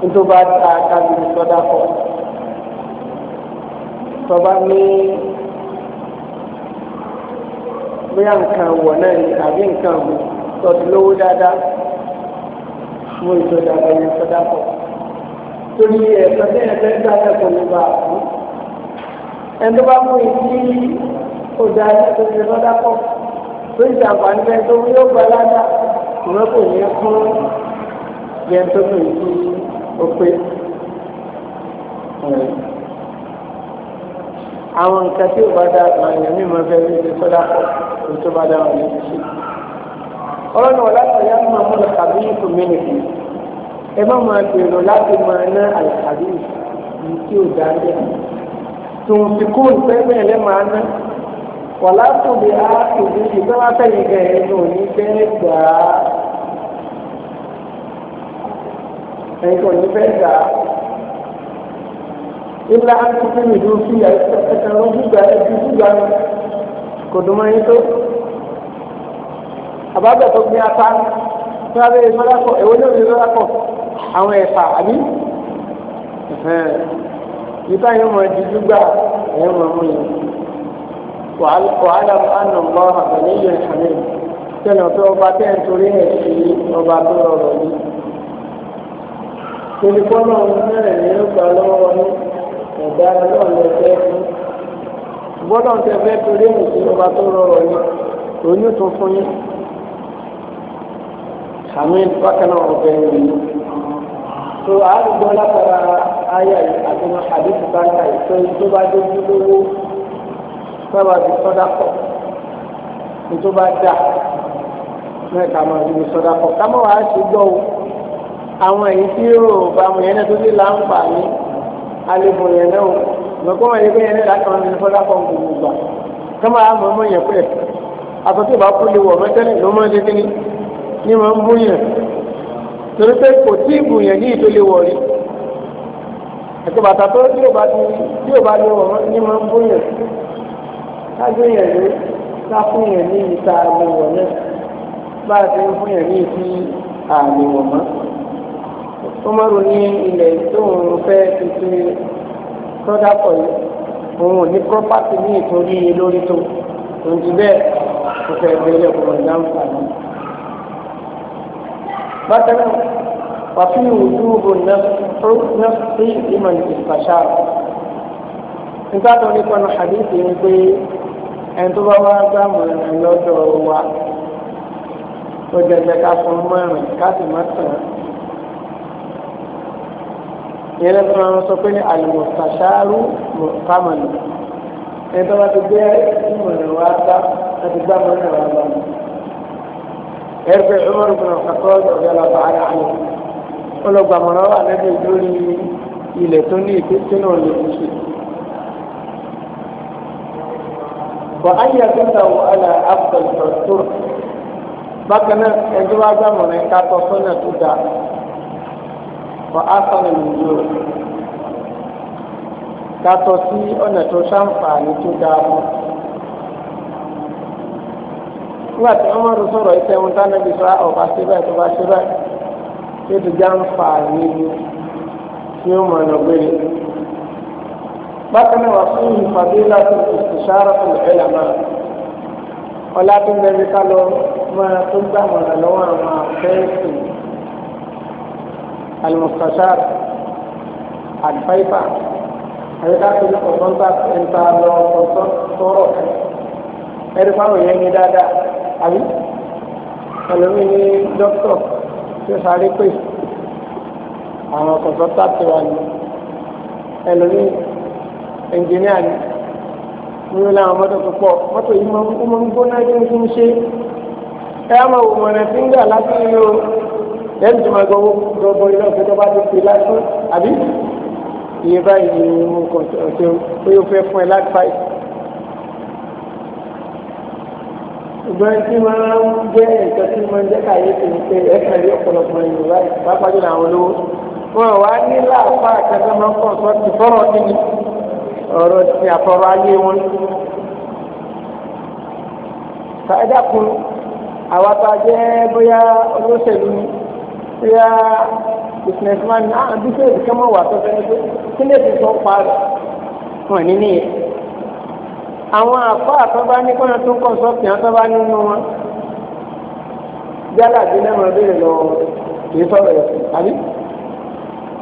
nítorí bá ta kábíyèsí sọ́dá kọ́ tọ́ba ní bóyá nǹkan wọ̀ náà ni àbí nǹkan wọ̀ tọ́tù lówó dáadáa mú ìtọ́jà lọ́yẹ sọ́dá kọ́ torí ẹ̀sọ́ tí ẹ̀fẹ́ gbà ẹ̀kọ́ nípa àbúrò ẹni tó bá mú ìdí ọjà ẹ̀sìn ìrìn lọ́dá pọ̀ tó ìjà àǹfààní bẹ́ẹ̀ tó yóò gba ládà ìwé kò ní fún yẹn tó mú ìdí ọpẹ́. àwọn nǹkan tí ò bá dá àyàn mímọ fẹ́ bí ìdí sọ́dá pọ̀ tó tó bá dá wọn ní ṣe. ọlọ́run ọ̀la sọ̀yà máa mú lọ́kàbí ìfòmìnì fún ẹ má máa gbèrò láti máa ná àlàkàbí ìfòmìnì tí ò dá bẹ́ẹ̀ tunfikun pẹ́pẹ́ ẹ̀lẹ́ máa ná wàlá tó bí a ìlú ìgbẹ́wà tẹ̀yìn gẹ̀ẹ́ ní òní bẹ́ẹ̀ gbà á ẹ̀yìn kò ní bẹ́ẹ̀ gbà á ilá tuntun mi dùn sí ẹ̀sán ló gbígbà ẹ̀dùn gbígbà mi kò dùn mọ́ yín tó àbábẹ̀ gbé apá tí wọ́n bẹ̀rẹ̀ ìfọ́lápọ̀ èwo ní òní ìfọ́lápọ̀ àwọn ẹ̀fà àbí ìbá yẹn mọ̀ dídú gbà ẹ̀ mọ̀ mú yẹn. wàhálà àná mọ́ àbẹ̀lẹ̀ yẹn hàmẹ́ tẹ̀lé ọ̀tọ̀ ọba tẹ̀ ń torí ẹ̀ sí ọba tó rọrọ̀ yìí. tẹlifọ́nà mẹ́rin ní ó gbà lọ́wọ́ ní ẹ̀dá ọlọ́run ẹ̀fẹ́ fún. gbọ́dọ̀ tẹ fẹ́ torí ẹ̀ sí ọba tó rọrọ̀ yìí òní tó fún yín. hàmẹ́ bákan náà ọ̀bẹ yìí. tó àádùgbọ́ látara áyà yìí àti wọn àdéhùn bá ń ta ìtọ́ tó bá dójú lówó sábà fi sọ́dá pọ̀ tó bá dà náà ká máa fi sọ́dá pọ̀ ká má wàá ṣe gbọ́ o àwọn èyí tí yóò bá mu yẹn náà tó dé láǹfààní alébò yẹn náà o lọ́kọ́ wọn yẹn pé yẹn náà láti máa fi sọ́dá pọ̀ gbogbo gbà ká máa mọ̀ ọmọ àtọ́tí ìbá kú lè wọ̀ mẹ́tẹ́lẹ̀ ló máa ń ni ni máa ń torí pé kò tí ì bù yẹn ní ìtòlè wọ̀ rí àti bàtà tó tí ò bá ti tí ò bá ní ọ̀rọ̀ ní máa ń bóyàn ṣáájú yẹn ló ká fún yẹn ní ìta àmìwọ̀ náà bá a ti ń fún yẹn ní ìfi àmìwọ̀ mọ́. Umaru ní ilẹ̀ tó ń fẹ́ ti ṣe sọ́dá yìí òun ò ní pọ́pátì ní ìtorí lórí tó òun ti bẹ́ẹ̀ kò fẹ́ gbé ilé ọkùnrin náà. bákan náà وفي وجوب النفس لمن استشار nígbà tó ní kọ́nà hadithi ni pé ẹni tó bá wá gbàmọ̀ràn ẹ̀ lọ́dọ̀ wa ó jẹjẹ ká fún márùn ká sì má tàn án. ìyẹn lẹ́nu tó ń sọ pé ní àlùmọ̀tàṣáárù mọ̀kámọ̀nì ẹni tó bá ti gbé ìmọ̀ràn wa dá láti gbàmọ̀ràn wa lọ́nà. ẹ̀rù pé Umar bin Khattab ọ̀dọ́ ọ̀dọ́ ọ̀dọ́ ọ̀dọ́ ọ̀dọ́ ọ̀dọ́ ọlọ́gbàmọ̀ràn wà lẹ́nu lórí ilẹ̀ tó ní ìpínpín náà lè fi ṣe. wà á yẹ kí n ta wọ àlà àpòtò tó bákan náà ẹjọ́ wa gbàmọ̀ràn ká tọ́ sọ́nà tó dáa wà á sọ̀nà lòdì o ká sí ọ̀nà tó ṣàǹfààní tó dáa mọ́ nígbà tí wọ́n máa ń sọ̀rọ̀ ìtẹ̀wọ̀n tánàbí sọ ọ̀bá síbẹ̀ tó bá síbẹ̀ tó ti já ń fa àyè tí ó mọ̀ ọ̀nà gbére. bákan náà wà fún ìpàdé láti ìṣàrà fún ìfẹ́lẹ̀ máa ọlá tó ń bẹ̀rẹ̀ ká lọ máa tó gbà mọ̀nà lọ́wọ́ àwọn àfẹ́sì almustashar advisor àyíká tó ní kọ̀ǹtà ẹ̀ńtà lọ kọ̀ǹtà ẹ̀rí fáwọn yẹn ní dáadáa àbí ẹlòmíì ní dókítọ̀ tí ó sáré pè àwọn kọ̀ǹtọ́tà ti wà ní ẹlòmíì ẹnjìníà ni nínú làwọn mọ́tò tó pọ̀ mọ́tò yìí máa ń máa ń gbóná kí n kí n ṣe ẹ á máa wò mọ̀nà tí ń gbà láti ilé o tó máa gbọ́ gbọ́ ilé ọ̀sẹ̀ tó bá ti pè lásán àbí iye báyìí ni mo kọ̀ ọ̀sẹ̀ ó yóò fẹ́ fún ẹ láti fáìsì. ṣùgbọ́n tí wọ́n jẹ́ nǹkan tí wọ́n jẹ́ kàyéfì ní pé ẹ̀ka rí ọ̀pọ̀lọpọ̀ ènìyàn láì pápá jùlọ àwọn olówó wọn wá ní láàpá àkàtà máa ń pọ̀ sọ ti fọ́rọ̀ kí ni ọ̀rọ̀ ti àfọ̀rọ̀ ayé wọn. fàájà kun àwa tá a jẹ́ bóyá olóṣèlú ni bóyá businessman náà ah, bí sèé kí wọ́n wà tó fẹ́ẹ́ pé kí lè fi sọ pa rẹ̀ wọ́n ní nìyẹn àwọn àfọ àtọ́bá ní kọ́nà tó ń kọ́ sọ́ọ̀kì àtọ́bá nínú wọn yálà bí lẹ́mọ̀ béèrè lọ kìí sọ̀rọ̀ ẹ̀ àbí.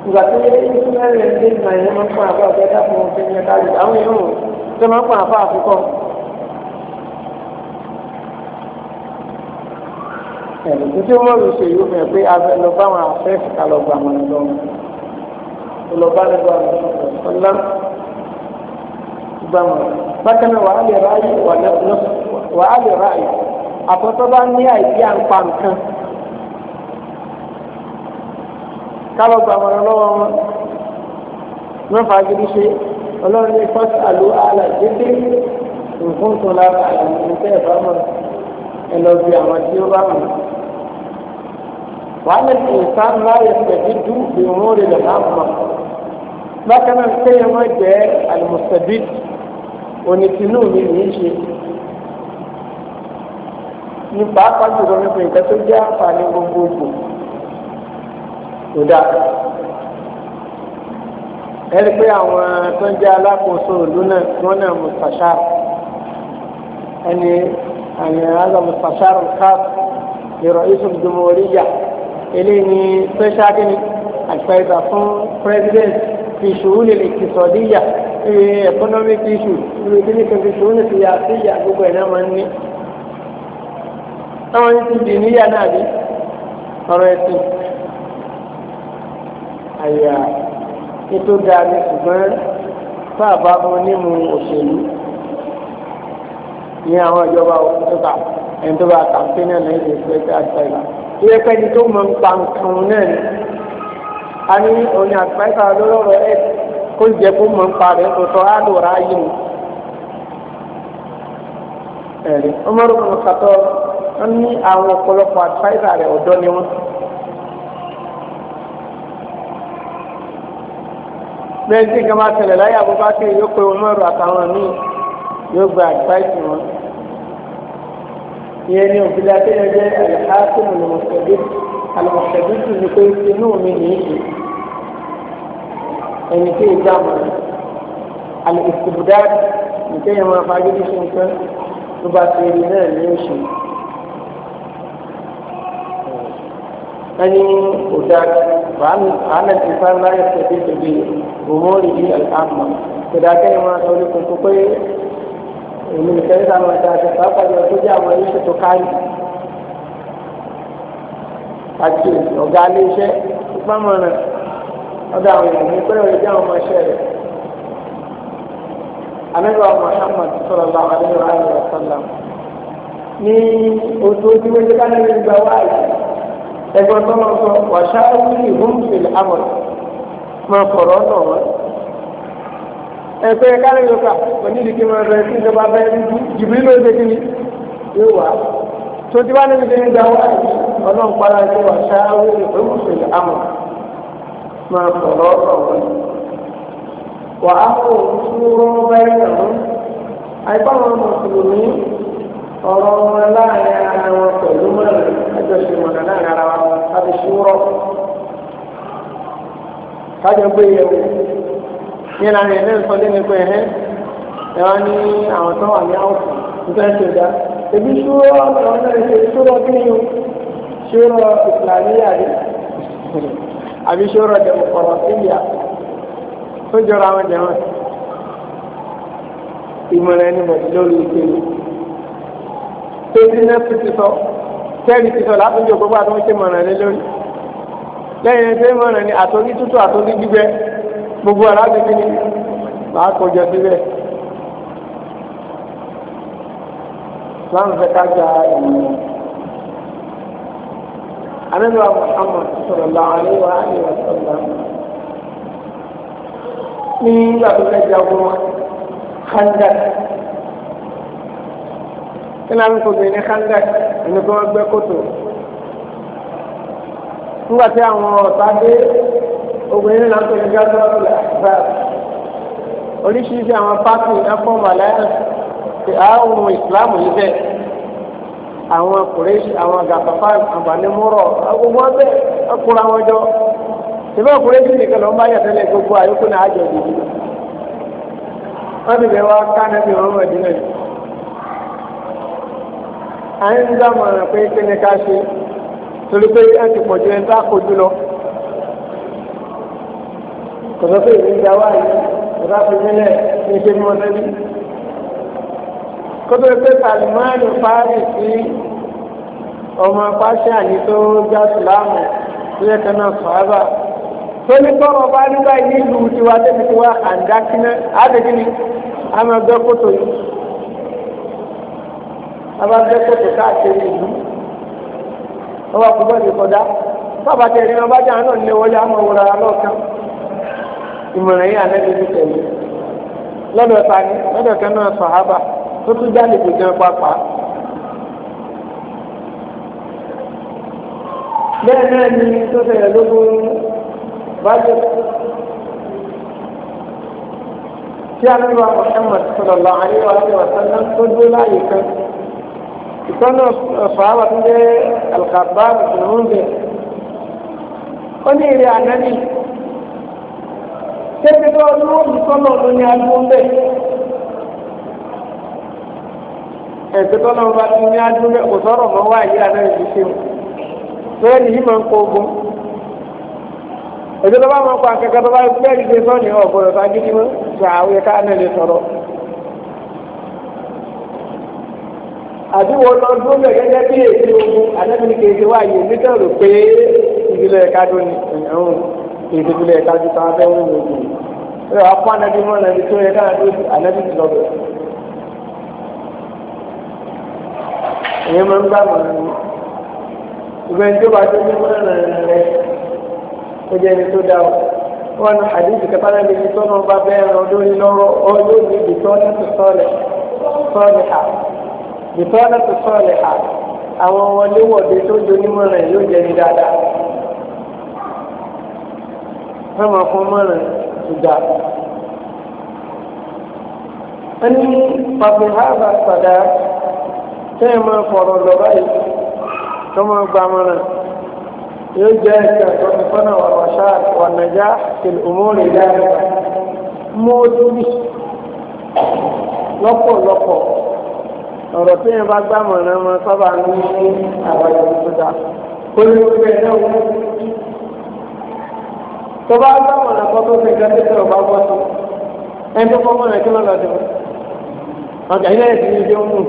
ìgbà tó yẹ kí mẹ́rin ẹ̀ ń dé ìgbà yẹn máa ń pọn àfọ àfẹ́ dákun ọ̀fẹ́ yẹn ká lè àwọn èèyàn tó máa ń pọn àfọ àfikọ́. ẹ̀rù títí wọ́n lù ṣe yóò fẹ́ pé abẹ lọ bá wọn àfẹ́ kà lọ gbà gbàmù bákan náà wàá lè ráyè wàá lè ráyè àtọ́tọ́ bá ní àìsí àǹpa nǹkan kálọ̀ gbàmọ̀ràn lọ́wọ́ wọn wọ́n fà á gidi ṣe ọlọ́run ní fọ́sí àlù àlà dídí nǹkan tó lára àyè nígbà ìbámu ẹ lọ bí àwọn tí ó bá mọ̀ wàhálà tí ìsán láyé pẹ̀lú dú bí wọ́n lọ́wọ́ bákan náà kéèyàn máa jẹ́ àlùmọ̀sẹ̀bí onítìnú mi ní í ṣe ní pàápàá jùlọ nípa nǹkan tó jẹ́ àǹfààní gbogbogbò kò dáa ẹni pé àwọn tó ń jẹ́ alákòóso ìlú náà wọ́n náà mustashar ẹni àyàn àgbà mustashar káf ní ra'is al-jumhuriyya eléyìí ní special guinea àgbà ìgbà fún president fi shu'ul al-iqtisadiyya. Eh, economic issues ìròyìn condition ní ìyá sí ìyá gbogbo ẹ̀ náà máa ń ní. táwọn ti dì níyà náà bí ọ̀rọ̀ ẹ̀sìn àyà ètò dáa ní ṣùgbọ́n fáàbà mu nímú òṣèlú ní àwọn ìjọba òṣèlúkà ẹni tó bá kàmpéènì náà ní ìfẹ́ àtàlà ìyẹ pẹ́ni tó mọ̀ ń pa nǹkan náà ni a ní òní àgbáyé kan lọ́rọ̀ ẹ̀sìn kó ń jẹ kó mọ̀ ń parẹ́ tòótọ́ á lò rà yìí mu. ẹ̀rí ọmọdé kan kàtọ́ wọ́n ní àwọn ọ̀pọ̀lọpọ̀ àdìfáìsà rẹ̀ ọ̀dọ́ ni wọ́n. bẹ́ẹ̀ tí nǹkan máa tẹ̀lẹ̀ láyé Abubakar yóò pe Umaru àtàwọn míì yóò gba àdìfáìsì wọn. ìyẹn ni òbí dákẹ́yẹ àlùkò àti àlùmọ̀ṣẹ́bí àlùmọ̀ṣẹ́bí tù ní pé inú mi nìyí ẹni tí ìjà mọ̀ àlè ìsìbùdá nìkẹ́ yẹn máa fagé bí ṣe nǹkan tó bá ti rí náà ní oṣù. ẹni òdà wàhálà ti fa láyé tẹ̀lé tẹ̀lé òmòrì yìí àmọ́ ìdá kẹ́ yẹn máa sọ orí kòkó pé èmi nìkẹ́ ń sàmọ̀ ìdá àti pàápàá yọ tó jẹ́ àwọn iṣẹ́ tó kárí àti ọ̀gá ilé iṣẹ́ ìpamọ́ràn ọ̀dọ̀ àwọn èèyàn ní pé ọ̀rẹ́ jẹ́ àwọn ọmọ ẹṣẹ́ rẹ̀ amẹ́rọ Muhammad sallallahu alaihi wa sallam ní oṣù ojú méjì ká lè gba wáyé ẹgbẹ́ tọ́lọ́ sọ wàṣà ọ̀hún ìhún ìlẹ̀ amọ̀ máa fọ̀rọ̀ náà wọ́n ẹgbẹ́ ká lè yọkà onídìí kí wọ́n rẹ̀ sí ìjọba bẹ́ẹ̀ jìbìlì ló ṣe kí yóò wá tó ti wá níbi tí wáyé ọlọ́run para ẹgbẹ́ wàṣà ọ̀hún ìhún ìlẹ̀ máa sọ̀rọ̀ ọ̀rọ̀ wọn. wà á kó sùúrù báyìí náà àìbáwọn mùsùlùmí ọ̀rọ̀ wọn láàrin ara wọn pẹ̀lú mọ́rin àjọṣe wọn láàrin ara wọn láti sùúrọ̀ kájọ gbé yẹ̀wò yẹn lára ẹ̀ lẹ́nu sọdé nípa ẹ̀hẹ́ ẹ̀ wá ní àwọn tó wà ní àwòsàn nípa tó dá ebi sùúrọ̀ ọ̀rọ̀ náà ṣe sùúrọ̀ kí ni o sùúrọ̀ ìsìlámù yàrá àbí ṣòro dẹmọkọrọ síyà tó jọra àwọn jẹmọ ìmọ̀ràn ẹni mọ̀ lórí ìpele tẹ́lifí náà ti sọ tẹ́lifí ti sọ látọ̀jọ́ gbogbo àtúntò ṣe mọ̀ràn ẹni lórí lẹ́yìn ẹgbẹ́ mọ̀ràn ni àtọ́rí tútù àtọ́rí gbígbẹ gbogbo alábẹ́bí ni máa kọjọ síbẹ̀. láwọn fẹ́ ká gba ìmọ̀ràn anábíwá Muhammad sallallahu alaihi wa alihi wa sallam ní àbúlé jagun Khandak nínú àwọn kò gbìn ní Khandak ẹni kò gbẹ́ kòtò nígbà tí àwọn ọ̀tá dé ogun nínú àwọn tóbi gbàgbọ́ ọ̀la bá oríṣiríṣi àwọn pátì ẹ̀fọ́ màláyà ti àwọn ìsìlámù yìí bẹ́ẹ̀ àwọn kùrẹ́sì àwọn àgàfàfà àbánimúrọ̀ gbogbo ọbẹ̀ ọkùnrin àwọn ọjọ́ ìbẹ́ kùrẹ́sì nìkan lọ́n bá yàtọ̀lẹ̀ gbogbo àyókù náà àjọ ìdìbò wọ́n ti bẹ̀ wá kánẹ́bì wọn wọ̀ dínà yìí. à ń dámọ̀ràn pé kí ni ká ṣe torí pé ẹ ti pọ̀jù ẹni tá a kojú lọ. kò sọ pé ìrìn ìjà wáyé kò sá fi mílẹ̀ ní ṣe bí wọ́n tẹ́lẹ̀. kótó pé Salman Farisi ọmọ pàṣẹ àní já sùlámù tó yẹ kan náà tó ní tọrọ bá nígbà yìí tiwa débi tiwa àǹdákiná àdèjì ni a máa gbẹ́ kótó yìí a máa gbẹ́ kótó káàkiri ìlú ọba kò bọ́ọ̀lù kọjá bàbá tẹ̀lé ọba jẹ́ àánú ní wọlé ìmọ̀ràn yìí àná tẹ̀lé lọ́dọ̀ ta ni lọ́dọ̀ tó tún jáde kò jẹun pàápàá. bẹ́ẹ̀ náà ni tó fẹ̀rẹ̀ lógún bájẹ́ tí a lọ́wọ́ Muhammad sallallahu alaihi wa sallam tó dúró láàyè kan ìtọ́nà sọ̀hábà tó jẹ́ alkàbá ìfúnnúnbẹ̀ ó ní ìrẹ̀ ànábì tẹ́tẹ́ tó ọdún ó dùn sọ́nà ọdún ní agbóńbẹ̀ e náà bá ti ní adúlé òsọ̀rọ̀ mọ́ wá yìí àná ìlú ṣe o bẹ́ẹ̀ ni yìí máa ń kó ogun ẹ̀gbẹ́ tó bá máa ń kó akẹ́kọ̀ọ́ tó bá bẹ́ẹ̀ ní gbèsè ọ̀gbọ̀dọ̀ tó agídí mọ́ tó àwọn ẹ̀ka náà lè sọ̀rọ̀. lọ dúró gẹ́gẹ́ bí ogun pé ìdílé ẹ̀ka dún ni ẹ̀hún ìdílé ẹ̀ka dún tó lò èyí máa ń bá wọn ní ìgbà tí ó bá tó ní wọn rẹ̀ rẹ̀ kó jẹ́ ẹni tó dá o wọn ní àdéhùn kẹta náà lè fi tọ́nà bá bẹ́ẹ̀ rán lórí lọ́rọ́ ọ yóò ní ìtọ́nà tó sọ̀lẹ̀ sọ̀lẹ̀ hà ìtọ́nà tó sọ̀lẹ̀ hà àwọn wọléwọ̀de tó doni mọ́ràn yóò jẹ́ ní dáadáa wọ́n máa fún mọ́ràn ìgbà wọ́n pàpẹ́ hábà sọ̀dá tẹ́yìn máa fọ̀rọ̀ lọ báyìí tó máa gba mọ́ra yóò jẹ́ ẹ̀ka tó ń fọ́nà wàwàṣá wànàjá tìlùmọ́rì dáadáa mọ́ọ́dúnrì lọ́pọ̀lọpọ̀ ọ̀rọ̀ tí yẹn bá gbà mọ̀ràn mọ́ sábà ní àwàdà tó dáa kó ní gbogbo ẹ̀ náà wọ́n tó bá gbà mọ̀ràn kọ́ tó ṣe gẹ́gẹ́ tó bá bọ́ sí ẹni tó fọ́ mọ̀ràn kí lọ́dọ̀ tó ọjà ilé ẹ̀sìn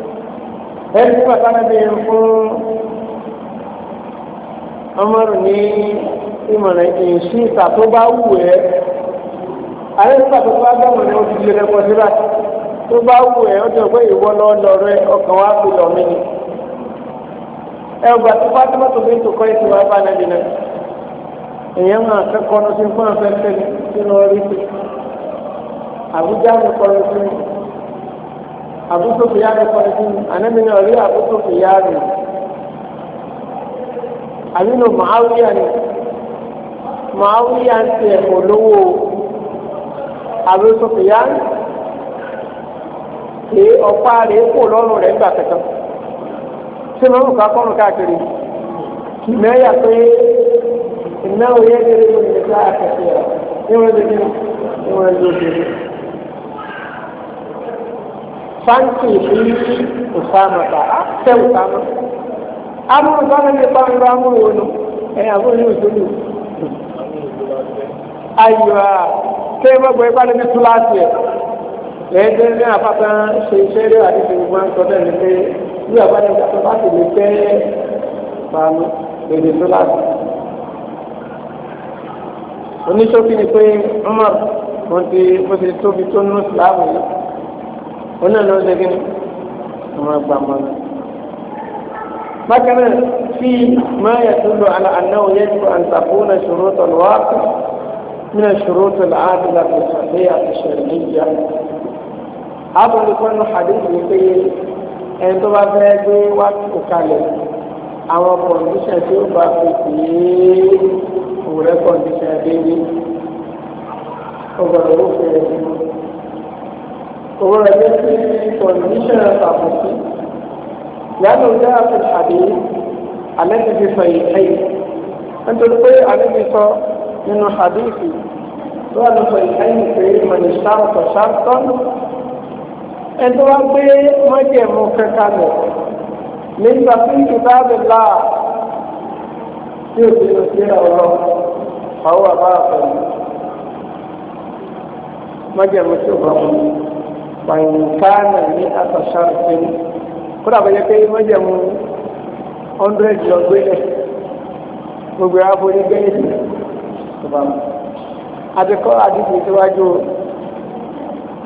ẹni tí bàbá náà bèèrè fún ọmọrùn ní ìmọ̀ràn èsì ìta tó bá wù ẹ́ ààrẹ nígbà tó bá gbọ́mọ̀ ní oṣù lè rẹpọ̀ síra tó bá wù ẹ́ ọjọ́ pé ìwọ lọ́ọ́ rẹ ọkàn wa fi lọ mí ni ẹ ọgbà tó bá tọ́mọ́tò bí tòkọ́ ètò wa bá náà èèyàn máa kẹ́kọ̀ọ́ fún afẹ́fẹ́ orí ti Àbújá àbúkò fìyà rẹ̀ pàdé ànábì náà rí àbúkò fìyà rẹ̀ àbínú màáwíyà ni màáwíyà ń tiẹ̀ kò lówó àbúkò fìyà rẹ̀ pé ọ̀pá rẹ̀ kò lọ́rùn rẹ̀ gbà kẹta ṣé máa ń kà kọ́rùn káàkiri kì mẹ́yà pé ìnáwó yẹn kéré ló ń gbèsè àkàtì rẹ̀ níwọ̀n ló dé níwọ̀n ló fanti fi usama ba a fẹ́ usama amúrú bá lè bá ń lọ amúrú wọn a ẹ àbúrò ní òṣèlú ayiwa tẹ ẹ gbọgbọ ẹ bá lè ní túláàsì ẹ ẹ tẹ ní àpáta ṣe iṣẹ́ rẹ àti ṣe gbogbo àǹtọ náà ní pé bí àbá ní ìgbà tó bá ti lè fẹ́ pàánù èdè túláàsì oníṣòfin tóbi tó nù síláàmù yìí. E òun náà ló ń segin àwọn àgbà mọ́nà. bákan náà fi máa yẹ tó lọ àlà ànáwó yẹ kó àǹtàkó na ṣòro tọ̀lù wá kù من الشروط العادلة الصحية الشرعية هذا اللي كان حديث يقول ẹni tó bá fẹ́ gbé wá kalẹ̀ àwọn kọ̀ǹdíṣàn tí ó bá fi pè é òwúrẹ́ kọ̀ǹdíṣàn déédéé ó gbọ́dọ̀ ó fẹ́ ẹ̀ هو الذي condition التفصيل لأنه جاء في الحديث الذي في صحيحين أنت تقول الذي من حديثي هو صحيحين في من اشترط شرطا أنت تقول ما جاء مكتمل من بقي كتاب الله يوجد يسير الله فهو باطل ما جاء مكتمل fàyínkáànà ní àtàṣàrò pẹ̀lú kódà bá yẹ pé mọ́jẹ̀mú hundred lọ gbélé gbogbo ààbò ní gbélé sí tó bá mọ́ àdìkọ́ àdìgbò síwájú o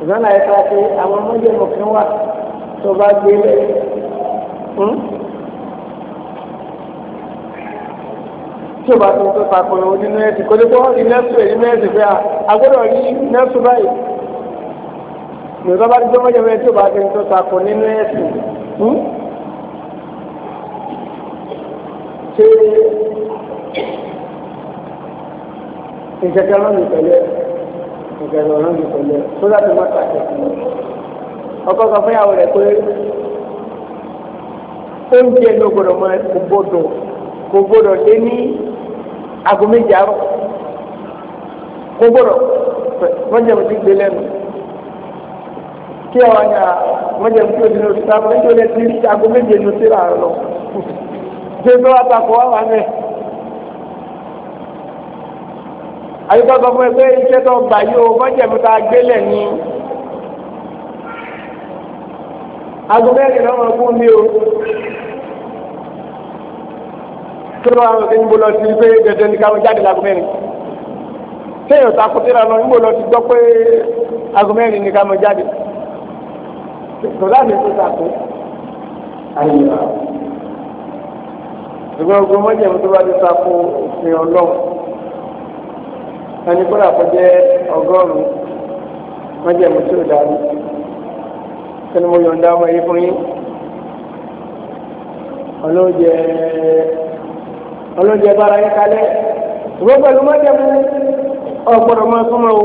ìgbọ́nà ẹ̀ka pé àwọn mọ́jẹ̀mú kan wà tó bá gbélé tí o bá tó ń tó takùn òun nínú ẹ̀sìn kó ní kó ìnẹ́sùn èyí mẹ́sìn fẹ́ a gbọ́dọ̀ rí báyìí nìkan bá ti tó mọ́jọ́ mẹ́rin tí ò bá ti ń tó takò nínú ẹ̀sìn hmm? ṣé ìkẹ̀kẹ́ rán mi pẹ̀lẹ́ ìkẹ̀kẹ́ rán mi pẹ̀lẹ́ tó láti má tàkẹ́ ọkọ sọ fún ìyàwó rẹ̀ pé oúnjẹ ló gbọ́dọ̀ mọ kò gbọ́dọ̀ kò gbọ́dọ̀ dé ní aago méje àárọ̀ kò gbọ́dọ̀ mọ́jọ́ mi ti gbé lẹ́nu cewa na wajen fito da nasu ta kuma dole su yi shago meje no sai ra lo sai zuwa ta kowa wa ne àyíká sọ fún ẹ pé iṣẹ́ tó gbà yìí o bọ́jẹ̀mú ta gbélẹ̀ ni aago mẹ́rin náà wọ́n fún mi o kí ló wàá ní mo lọ sí pé dandan ní káwọn jáde láago mẹ́rin téèyàn ta kó síra lọ ní mo lọ sí gbọ́ pé aago mẹ́rin ní káwọn jáde tọ́lá mi tó ta tó àyíká ṣùgbọ́n ogun mọ́jẹ̀mú tó bá ti ta kó òfin ọlọ́run ẹni kódà kó jẹ́ ọgọ́rùn-ún mọ́jẹ̀mú tí ò dání kí ni mo yọ̀ǹda ọmọ yìí fún yín ọlọ́jẹ ọlọ́jẹ bára yín kalẹ̀ ìwọ́n pẹ̀lú mọ́jẹ̀mú ọ̀gbọ́dọ̀ máa súnmọ́ o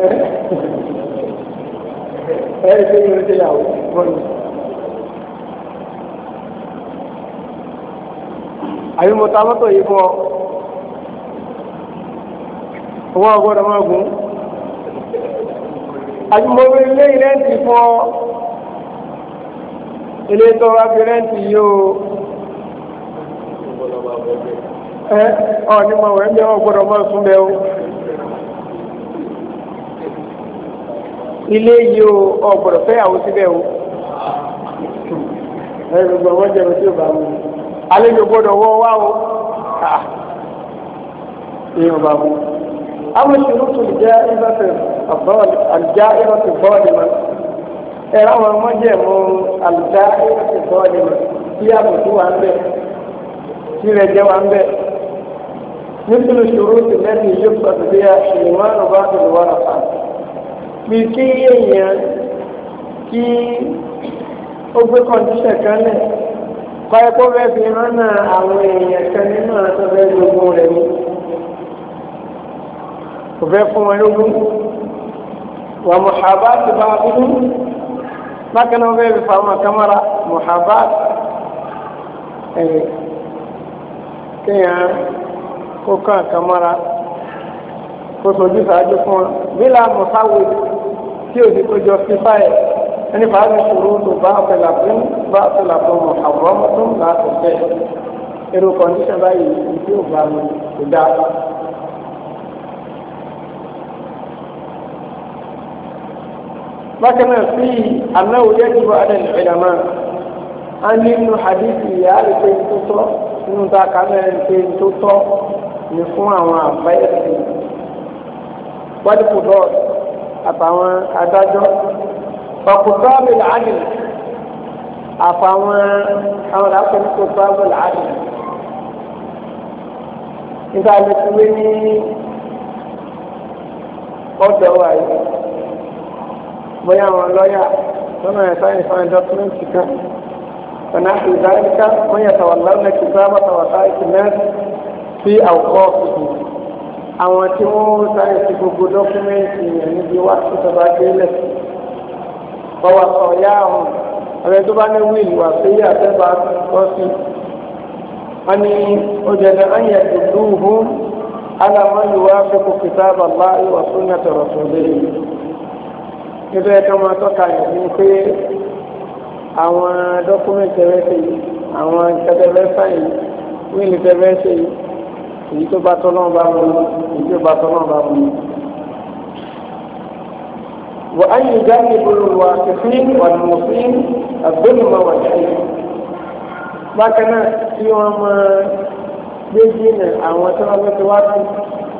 ẹ ẹ ṣe ìrìn ìṣẹ̀yàwó bọ́ọ̀lù. àbí mo ta mọ́tò yìí fún ọ owó ọgbọ́dọ̀ máa gùn àbí mo rí ilé ìrẹ́ǹtì fún ọ ilé tó wá fi rẹ́ǹtì yìí o ẹ ọ ní mo wẹ̀ ń bẹ ọ gbọ́dọ̀ máa sún bẹ́ẹ̀ o. ilé yìí o ọ̀gbọ̀dọ̀ fẹ́yàwó síbẹ̀ o ẹ gbogbo wọn jẹun tí o bá wù àlejò gbọ́dọ̀ wọ wá o ìyẹn ò bá wù. àwọn ìṣòro tó lè jẹ́ ìbáfẹ́ àbọ̀ọ̀lì àlùjá ìbáfẹ́ bọ́ọ̀lì mọ́ ẹ̀rọ àwọn ọmọ jẹ́ mọ́ àlùjá ìbáfẹ́ bọ́ọ̀lì mọ́ tí àbùkù wà ń bẹ̀ tí rẹ̀ jẹ́ wà ń bẹ̀. nítorí ìṣòro tó lẹ́nu yóò pàtó bí i ṣèlérí wọn lọ́wọ́ àti lọ́wọ́ bí kí èèyàn kí ó gbé kọ́ndíṣẹ̀ kan lẹ̀ kọ́yẹ́ kó fẹ́ fi hánà àwọn èèyàn kan nínú àtọ́fẹ́ gbogbo rẹ̀ ni kò fẹ́ fún wọn lógún wà mùhàbá ti bá dúdú bákan náà fẹ́ fi fa àwọn kámárà mùhàbá ẹ̀yìn kéèyàn kó kàn kámárà kó sojú sáájú fún wọn bí làá mùsáwìí tí òbí péjọ fi báyẹ̀ ẹni bá mi ṣòro tó bá ọ̀pẹ̀là fún bá ọ̀pẹ̀là fún mọ̀ àwòrán tó ń bá tó bẹ̀. èrò kọ̀ǹdíṣàn báyìí ìdí ò bá mi kò dáa. bákan náà sí anáwó yẹ kí wọ́n adé ní ìdámá a ní inú hadithi ìyá rẹ̀ pé tó tọ́ inú ta ká mẹ́rin pé tó tọ́ ní fún àwọn àbáyé sí wọ́n ti kò dọ́ọ̀tì àtàwọn adájọ́ ọ̀kùnfà bẹ̀rẹ̀ àdìrì àfàwọn àwọn làákùn tó fà bẹ̀rẹ̀ àdìrì nígbà lè fi wé ní ọ̀dọ̀ wa yìí bóyá àwọn lọ́yà lọ́nà ẹ̀sáyìn fáwọn dọ́kúmẹ́ǹtì kan فنحو ذلك من يتولون كتابة وثائق الناس في أوقافهم àwọn tí wọ́n sáré ti gbogbo dọ́kúmẹ́ǹtì yẹn níbi wá tó tọba délẹ̀ bọ́wọ́ sọ ọ̀yá àwọn ọ̀rẹ́ tó bá ní wíìlì wà pé yíyà fẹ́ bá kọ́ sí i wọ́n ní ó jẹ́nà ẹ̀yẹ dùdú hù alámọ́lùwà fẹ́kù kìtàbà láì wà súnà tọ̀rọ̀ tó léyìn níbẹ̀ tó máa tọ́ka yẹn ní pé àwọn dọ́kúmẹ́ǹtì rẹ̀ ṣe yìí àwọn ìtẹ́tẹ́ rẹ̀ fà wíìlì rẹ̀ ṣe yìí èyí tó bá tọ́ náà bá mú èyí tó bá tọ́ náà bá mú. وأن يجانب الواقفين والمصين الظلم والحيل bákan náà tí wọ́n máa gbé jìnnà àwọn tí wọ́n fẹ́ ti wá sí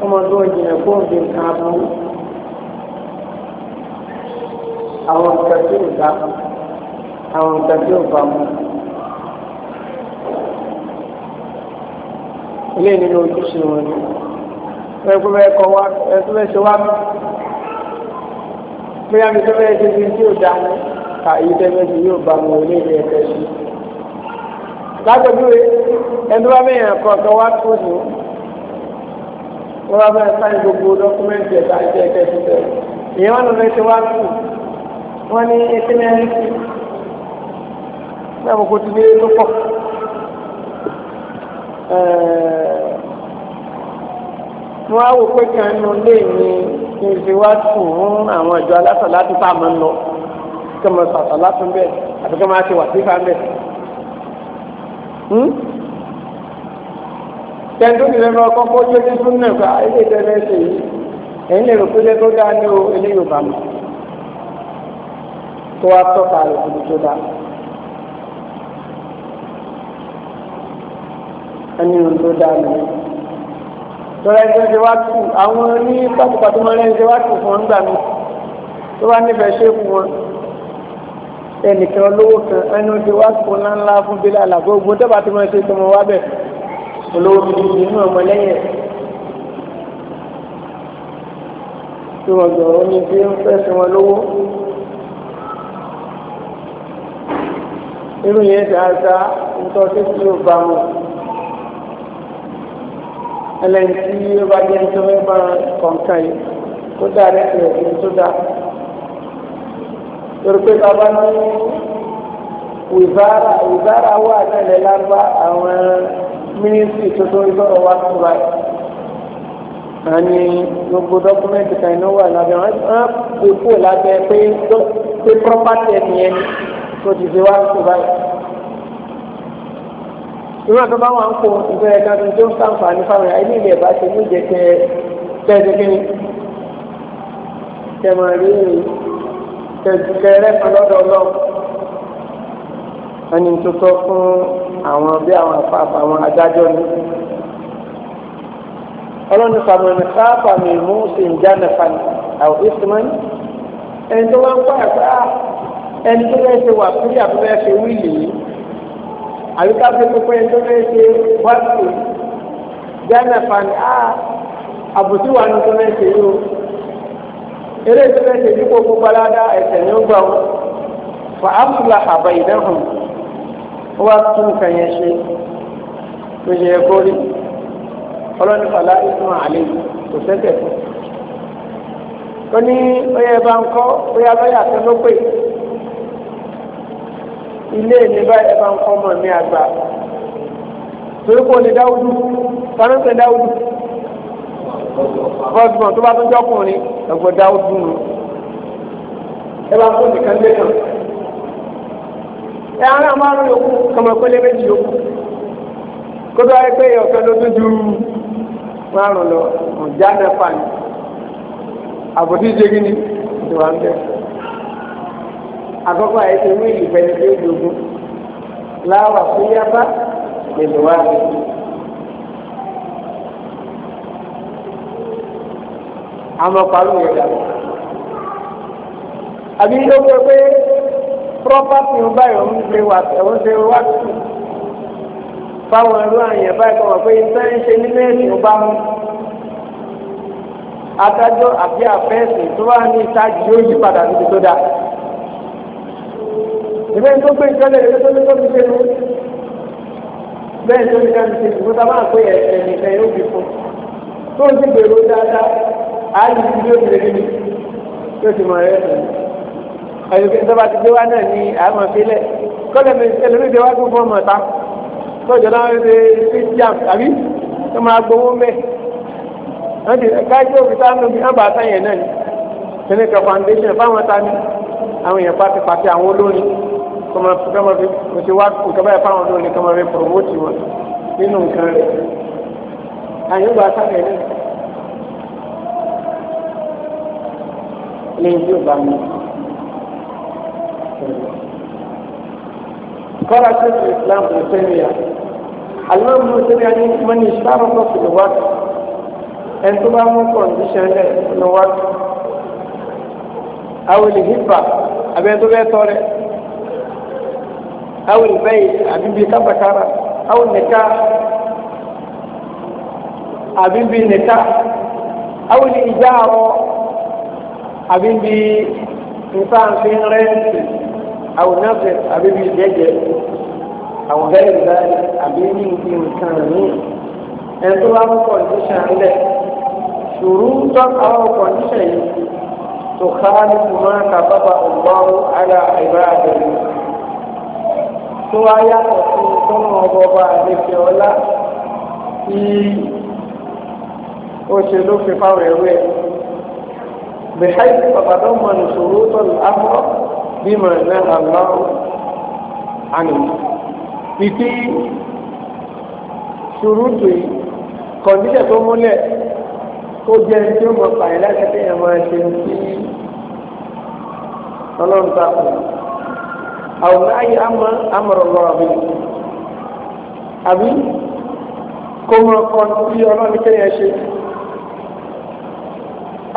ọmọdé òjìnà kó ń nǹkan aburú àwọn nǹkan tí àwọn nǹkan tí mú. ilé nínú ojúṣe wọn ni ẹkú bẹ́ẹ̀ kọ́ wá ẹkú bẹ́ẹ̀ ṣe wá mí bí a mi tó bẹ́ẹ̀ ṣe fi tí ò dá mi kà yí tẹ́lẹ̀ tí yóò bá mi ilé ní ẹ̀kẹ́ sí. lágbègbè ẹni wá mẹ́yìn ẹ̀kọ́ kan wá tó nù wọ́n bá bẹ́ẹ̀ sáyẹn gbogbo dọ́kúmẹ́ntì ẹ̀ka ẹ̀kẹ́ ẹ̀kẹ́ sí tẹ̀. ìyẹn wọn lọ́dọ̀ ṣe wá tù wọ́n ní ẹ̀kẹ́ mẹ́rin sí. bẹ́ẹ̀ mo kò ti dé tó pọ̀ wọ́n á wò pé kan nínú ilé mi kí n fi wá sùn fún àwọn ìjọ alásọ̀ láti fà máa ń lọ kí wọ́n sàtọ̀ láti ń bẹ̀ àti kí wọ́n á ti wà sí fáńbẹ̀. tẹ̀ńtò lẹ́nu hmm? ọkọ̀ kó tó ti fún náà ilé ìdẹ́rẹ́ ṣe yìí ẹ̀yin lè rò pé lẹ́ tó dáa ní o ilé Yorùbá mọ̀ tó wá tọ́ka rẹ̀ kò tó dáa. ẹni ohun tó dáa nù. tọ́lá ẹgbẹ́ ṣe wá tù àwọn ní pàtàkì mọ́lẹ́ ẹgbẹ́ wá tù fún ọgbà mi tó bá nífẹ̀ẹ́ ṣéèkù wọn ẹnìkan olówó kan ẹni ohun tó wá tù ńláńlá fún bílẹ̀ àlàbò ogun tó bá ti mọ̀ ṣe tọmọ wá bẹ̀ olówó mi nínú ọmọ lẹ́yìn ẹ̀. tí wọ́n gbọ́ ọ ní bí ń fẹ́sẹ̀ wọn lówó. irú yẹn dáadáa ń tọ́ sí tí ó bá wọn ẹlẹ́yìn tí ó bá jẹ́ tó fẹ́ bá kọ̀ǹkà yìí kó dáadé tó yẹ kí n tó dáa. torí pé bàbá ní wìbára wìbára wà nílẹ̀ lágbá àwọn mínísítì tó tó ìgbọ́rọ̀ wá tó ra ẹ̀. àní gbogbo dọ́kúmẹ́ntì kan iná wà lábẹ́ wọn á pè kúrò lábẹ́ pé pé property ẹ̀ nìyẹn tó ti fi wá tó ra ẹ̀ ìwé àti bá wọn kó ìfẹ́ ẹ̀ka tó tó ń sàǹfààní fáwọn ẹni ilẹ̀ bá ṣe ní ìjẹkẹ tẹ́ẹ̀dẹ́gẹ́ tẹ̀mọ̀rí tẹ̀dùkẹ́rẹ́ kan lọ́dọ̀ lọ. ẹni tó tọ́ fún àwọn bí àwọn àpapọ̀ àwọn adájọ́ ni. ọlọ́ni fàmìlì káàpà mi mú sí ìjà nàfà àwọn ìsìnmọ́n ẹni tó wá ń pààyà pé ah, ẹni tó fẹ́ ṣe wà fúlẹ̀ àbúrẹ́ àyíká fi pípẹ́ ẹni tó fẹ́ ṣe wáṣọ ghana fan a àbùsí wà ní tó fẹ́ ṣe yìí o eré tó fẹ́ ṣe dípò gbogbo aládá ẹ̀sẹ̀ ní ó gbà wọn fa abdullah àbá ìdáhùn ó wá tún nǹkan yẹn ṣe tó ṣe yẹ kórè ọlọ́ni fàlà ìsúná àlè kò sẹ́sẹ̀ fún un ó ní ó yẹ bá ń kọ́ ó yá báyà tó ló pè ilé mi báyìí bá ń kọ́ mọ̀ ní àgbà torí kò ní dáwùdù fanáfẹ́ dáwùdù fọ́ọ̀tùmọ̀ tó bá tó jọ́kùnrin ẹ̀gbọ́n dáwùdù nù ẹ bá fún nìkan lé kan ẹ àwọn àmọ́ àrùn yòókù kọmọ ìpínlẹ̀ méjì yòókù kó tó wáyé pé ọ̀kan ló tún ju márùn lọ ọ̀já mẹ́fà ni àbòtí ìjẹ́gí ni ìwà ń bẹ̀rẹ̀ àkọ́kọ́ àìsàn mú ìfẹ́ni tó dogun láwà fún yábá lèlò wá mi. àmọ́ parí rẹ̀ dà. àbí yóò gbé pé pírọ́pátì ń báyọ̀ ń ṣe wà ẹ̀wọ́n ṣe wá sí fáwọn ẹrú àyẹ̀ báyìí kọ́ wọ́n pé iṣẹ́ ṣe nínú ẹ̀sìn ọba mú adájọ́ àbí àfẹ́sìn tó wà ní ìtajì yóò yí padà níbi tó dáa ìfẹ́ tó gbé ìtọ́lẹ̀ ìfẹ́ tó ní kó fi ṣe nu bẹ́ẹ̀ ni ó ní ká fi ṣe ìfúnta máa pé ẹ̀sẹ̀ nìkan yóò fi fún tó ń ti gbèrò dáadáa àárín ti bí ó ti lè rí mi yóò ti mọ ẹ̀rẹ́ ẹ̀sẹ̀ ẹ̀yọ̀kẹ́ tó bá ti gbé wá náà ní àmọ̀ sílẹ̀ kọ́lẹ̀ mi ẹlòmíì ti wá tó fún ọmọ ta tọ́jọ́ náà ń ṣe sí jàm àbí tó máa gbowó mẹ́ wọ́n ti káyọ̀ òfin sáà lóbi náà bá a sáyẹn náà ni senator foundation fáwọn ta ni àwọn èèyàn pátipàti àwọn olórin kọ́mọ kọ́mọ fi mo ti wá nǹkan báyìí fáwọn ọdún ní kọ́mọ fi promote wọn nínú nǹkan rẹ̀ àyè gba sáfẹ̀ náà lẹ́yìn tí ó bá mi. kọ́ra tó ti Islam kò sẹ́yìn yá alimami mo sẹ́yìn yá ní mọ́ni ni wá ẹni tó bá mú kọ̀ǹdíṣẹ́ lẹ̀ ní wá. àwọn hibba abẹ́ tó bẹ́ẹ̀ tọ́ أو البيع أبين بي كم بكارة أو النكاح أبين بي نكاح أو الإيجار أبين بي إنسان فين رئيس أو نفس أبين بي جيجي أو غير ذلك أبين بي مكانين أنتوا أبو كونديشن لك شروطا أو كونديشن تخالف ما كتبه الله على عباده tó wá yàtọ̀ sí tọ́nà ọgbọba àlejò ọlá tí ó ṣe ló fi fáwọn ẹ̀wẹ́ bẹ̀háìsì pàpàdán mọ̀ nìṣòro tọ́lù áfọ́ bí mọ̀ náà àlọ́ àná ìdí ṣùrùtù yìí kọ̀ǹdíṣẹ̀ tó múlẹ̀ tó jẹ́ tí ó mọ̀ pààyàn láti ẹ̀yàn máa ṣe ń ọlọ́run ta àwọn láàyè àmọ́ àmọ̀rọ̀ lọ́rọ̀ mi àbí kó mọ ọkọ bí ọlọ́run kẹ́yìn ṣe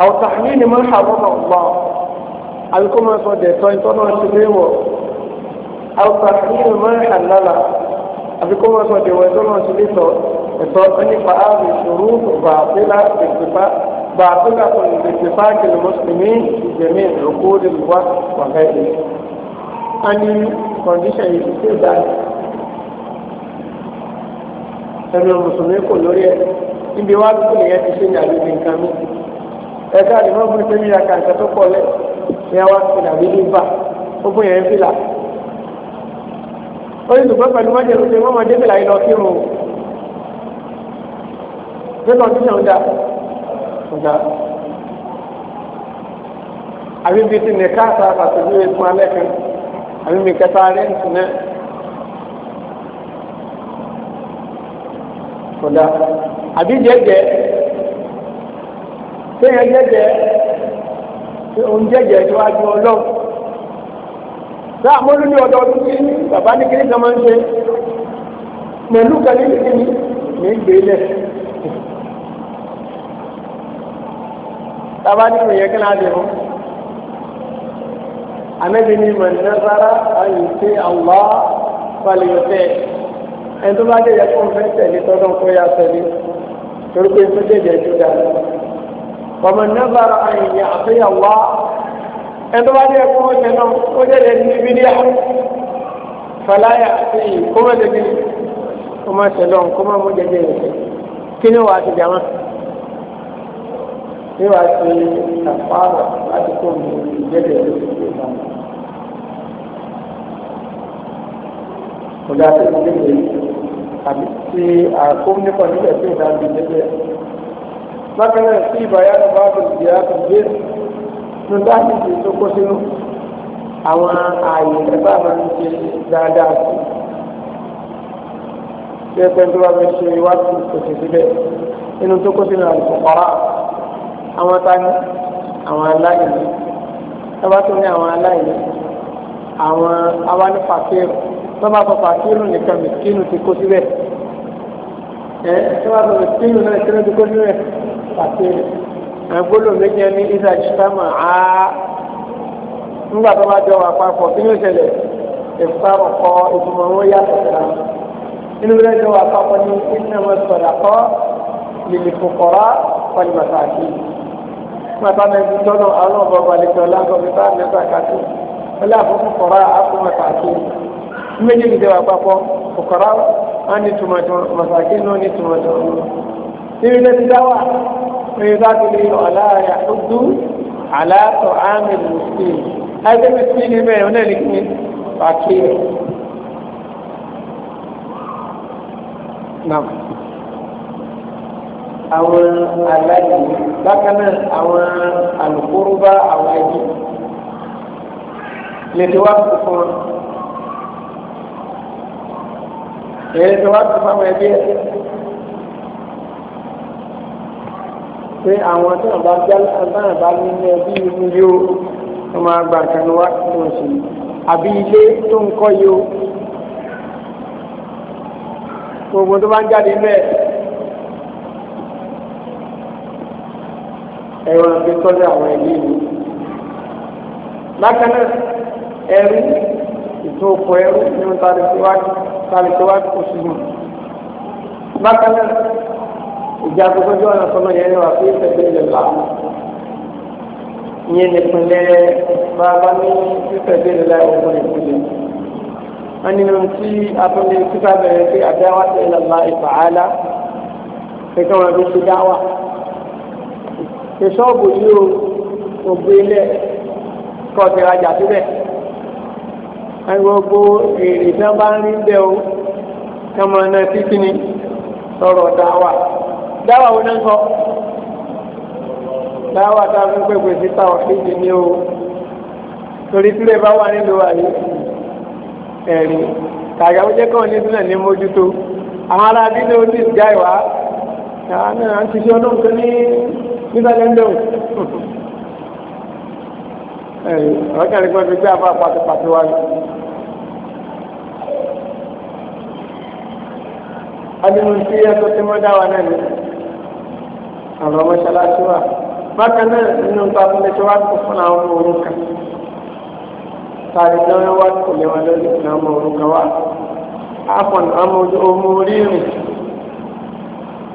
àwọn tàbí ni mo ń hàwọ́ mọ̀ gbọ́ àbí kó mọ sọ dẹ̀tọ́ ìtọ́nà ti léwọ̀ àwọn tàbí ni mo ń hàlálà àbí kó mọ sọ dẹ̀wọ̀ ìtọ́nà ti létọ̀ ẹ̀tọ́ nípa àrùn ìṣòro bàtílà ìpèpà bàtílà ìpèpà kìlì mùsùlùmí ìjẹ̀mí ìrùkú ìlú wa wà káyìí a ní kọ̀ǹdíṣàn yìí tí ó dáa ẹnu mùsùlùmí kò lórí ẹ níbi wá lóko lè yẹ ti ṣe ní àlejò nǹkan mi ẹ̀ka àdìmọ́ fún ìpínlẹ̀ ìyá kàǹkà tó pọ̀ lẹ̀ ìyá wa ti dàbí ní bá ó fún yẹn fìlà ó ní ṣùgbọ́n pẹ̀lú mọ́jẹ́ ló ṣe wọ́n máa dé fìlà yìí lọ sí irun ṣé kọ̀ǹdíṣàn ń dá àbí bíi ti nìka àtàkùn àtàkùn ìwé fún alẹ́ kan àbí mi kẹta rẹ́ǹtì náà kódà àbí jẹjẹ téèyàn jẹjẹ òun jẹjẹ ìwájú ọlọ́run sáà mọ́lú ní ọdọọdún tí bàbá ni kiri kan máa ń ṣe pẹ̀lú kẹ́lí kíní ni gbé lẹ̀. tábà nínú yẹn kí náà dé fún anabi ni man nazara ayùté Allah falẹ̀yọ̀tẹ̀ ẹni tó bá dé yẹ kó fẹ́ tẹ̀lé tọ́dọ̀ kó yá tẹ̀lé torí pé tó dé yẹ ju dáná man nazara ayùté àti Allah ẹni tó bá dé yẹ kó fẹ́ tẹ̀lé kó dé yẹ ní bídíà falaya àti kó má dé bí kó má tẹ̀lé kó má mú jẹjẹrẹ kí ni wàá ti jàmá. sai wa ce kafara za ta ko ne yadda ya ke samu kula ta ne ne àbí ti àkóńdékọ̀ nílẹ̀ tí ò dáa ju jẹ́jẹ́ bákan náà sí ìbáyánu bá tó àwọn ààyè dáadáa sí bá fẹ́ ṣe iwájú kò síbẹ̀ àwọn tani àwọn aláìní tọ́ba tó ní àwọn aláìní àwọn àwa ní fàkírù tọ́ba fọ fàkírù nìkan mìskínù ti kó síbẹ̀ ẹ tọ́ba fọ mìskínù náà kí ló ti kó síbẹ̀ fàkírù àgbólò méjì ní ìsàjìsámà á nígbà tó bá jọ wà papọ̀ kí ló ṣẹlẹ̀ ìfarò kọ ìgbìmọ̀ wọn yàtọ̀ síra inú rẹ̀ jọ wà papọ̀ ní ìsinmi sọ̀rọ̀ kọ́ lìlìfòkọ̀rọ̀ pẹ̀lú mọ̀tà náà ti tọ́nà àwọn ọmọ balẹ̀kẹ́ ọ̀làǹkọ̀ mi bá mẹ́fà kàtó ọlá àfọ́kù kọ̀rọ̀ àkọ́mọ̀ kàtó méjì ní ìdẹ́wà papọ̀ kọ̀rọ̀ á ní tòmọ̀tò mọ̀sàkì náà ní tòmọ̀tò ọ̀rọ̀ níbi tó ti dáwà oye bá ti di ọ̀la yàtúndú àlàtọ̀ àmì lùsì ẹgbẹ́ mi sí ní bẹ́ẹ̀ ọ̀nà ní kí pàkí rẹ̀. Nam àwọn aláàjì bákan náà àwọn alùpùpù àwọn ẹbí lè ti wá kú fún wọn èyí ti wá kú fún àwọn ẹbí ẹ pé àwọn tí wọn bá já náà bá ní ní ẹbí inú yóò wọn máa gba nǹkan wá tó ń ṣe àbí ilé tó ń kọ́ yóò gbogbo tó bá ń jáde mẹ́ẹ̀. ẹ̀rọ ẹgbẹ́ sọ́dọ̀ àwọn ẹ̀mí mi. bákan náà ẹrú ètò ọkọ̀ ẹrú ní wọn tàbí síwájú tàbí síwájú kò sí mọ̀. bákan náà ìjà gbogbo ọjọ́ ọ̀nà sọ́mọ yẹn wà pé ìfẹ̀gbẹ́ ilẹ̀ là á. ìyẹn nìpínlẹ̀ bàbá ní ìfẹ̀gbẹ́ ilẹ̀ láì wọ́n ìpínlẹ̀. wọ́n ní ohun tí atúndé kíkà bẹ̀rẹ̀ pé àdáwà tẹ̀lé lọ́la ìfàhálà pé ṣe ṣọ́ọ̀bù yìí o kò lẹ̀ kọ́ ti rajà síbẹ̀ gbogbo èrè tí wọ́n bá ń rí bẹ́ẹ̀ o kí wọ́n náà sí kíni sọ̀rọ̀ dáwà dáwà wo náà sọ dáwà tá a fi pèpè ni o torí tílé bá wà nílùú àyè ó jẹ́ kọ́ ní sílẹ̀ ní mójútó àwọn ará nígbàlẹ̀ ń lòun ọ̀kẹ́rì pé fi gbé àbá pàtó wá ní. adínú tí ẹ̀tọ́ tí wọ́n dá wa náà ni àwọn mọ́ṣáláṣí wà bákan náà nínú nǹkan afúnlẹ̀ṣẹ́ wá kó fún àwọn ọmọ òrùka tàbí náà wá kó lé wọn lórí fún àwọn ọmọ òrùka wá àfọ̀n àwọn ọmọ orí rìn.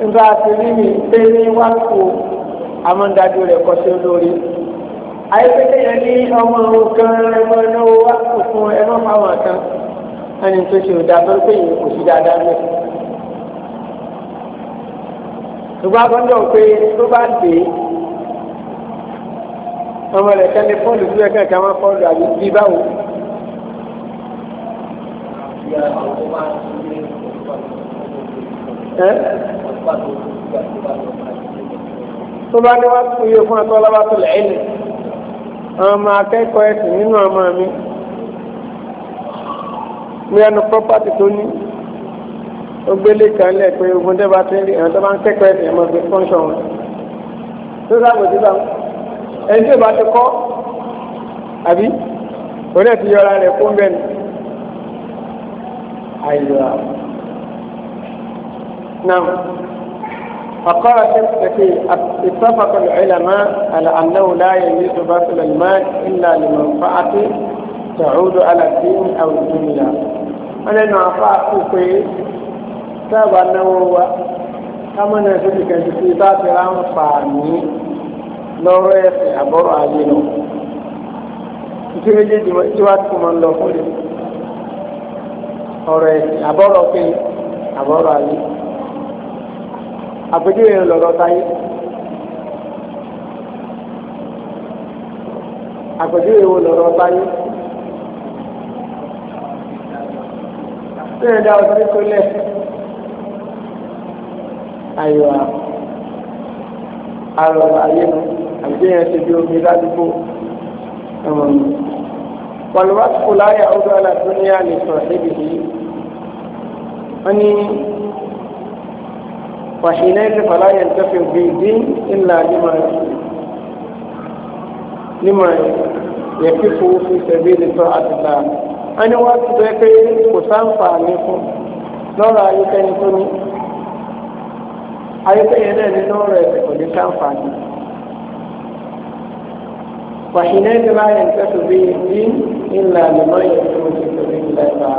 nígbà tí rí mi pé ní wákò amọ́ndájú rẹ̀ kọ́ sí olórí. àyẹ̀pẹ̀tẹ̀ yẹn ní ọmọ kan ẹmọ náwó wákò fún ẹmọ fáwọn kan ẹni tó ṣe òdà tó pé yìí kò sí dáadáa mẹ́. ṣùgbọ́n agbọ́dọ̀ pé tó bá dé ọmọ rẹ̀ kẹ́ni fọ́ọ̀lù tó yẹ kẹ́kẹ́ máa fọ́ọ̀lù àbí bí báwo. ẹ́ tó bá ní wá sí iye fún ẹ̀tọ́ lábá tó lẹ́yìn àwọn ọmọ akẹ́kọ̀ọ́ ẹ̀sìn nínú ọmọ mi ní ẹnu pọ́pátì tó ní ó gbélé kan lẹ̀ pé ogun tẹ́ bá ti ń rí àwọn tó bá ń kẹ́kọ̀ọ́ ẹ̀sìn ẹ̀mọ́ fi fọ́nṣọ̀n wọn tó sáàbò sí bá ẹni tí ò bá ti kọ́ àbí òun náà ti yọra rẹ̀ fún bẹ́ẹ̀ ni àyè náà. فقال كثير اتفق العلماء على أنه لا يجوز بذل المال إلا لمنفعة تعود على الدين أو الدنيا ولأنه أعطاه كوكي تاب أنه هو كما نزل كجسيبات رام فاني لو رأيت أبور عجينه ìkérédé ìwádìí kò máa ń lọ fún mi ọ̀rọ̀ ẹ̀sìn àbọ̀rọ̀ pé àbọ̀rọ̀ ayé àpèjúwe yẹn lọ́rọ̀ táyé àpèjúwe wo lọ́rọ̀ táyé lẹ́yìn dá ọtí tó lẹ̀ ayọ̀ àrọ̀ ayé nu àpèjúwe yẹn ti di omi ládùúgbò wàlúwàsíkò láyà ọdún àlàdúnyà lè sọ̀rọ̀ débi yìí wọ́n ní. فحينئذ فلا ينتفع بالدين إلا لما لما يكف في سبيل طاعة الله أنا وقت ذاك كسام فعليكم lọ́rọ̀ ayékẹ́ni tó ní ayékẹ́yẹ náà nínú ọ̀rọ̀ ẹ̀sẹ̀ kò ní sáǹfààní wàhíná ti máa yẹn tẹ́tù bí ní ìlà àlùmọ́ yẹn tó ti tẹ̀lé ìlà ìlà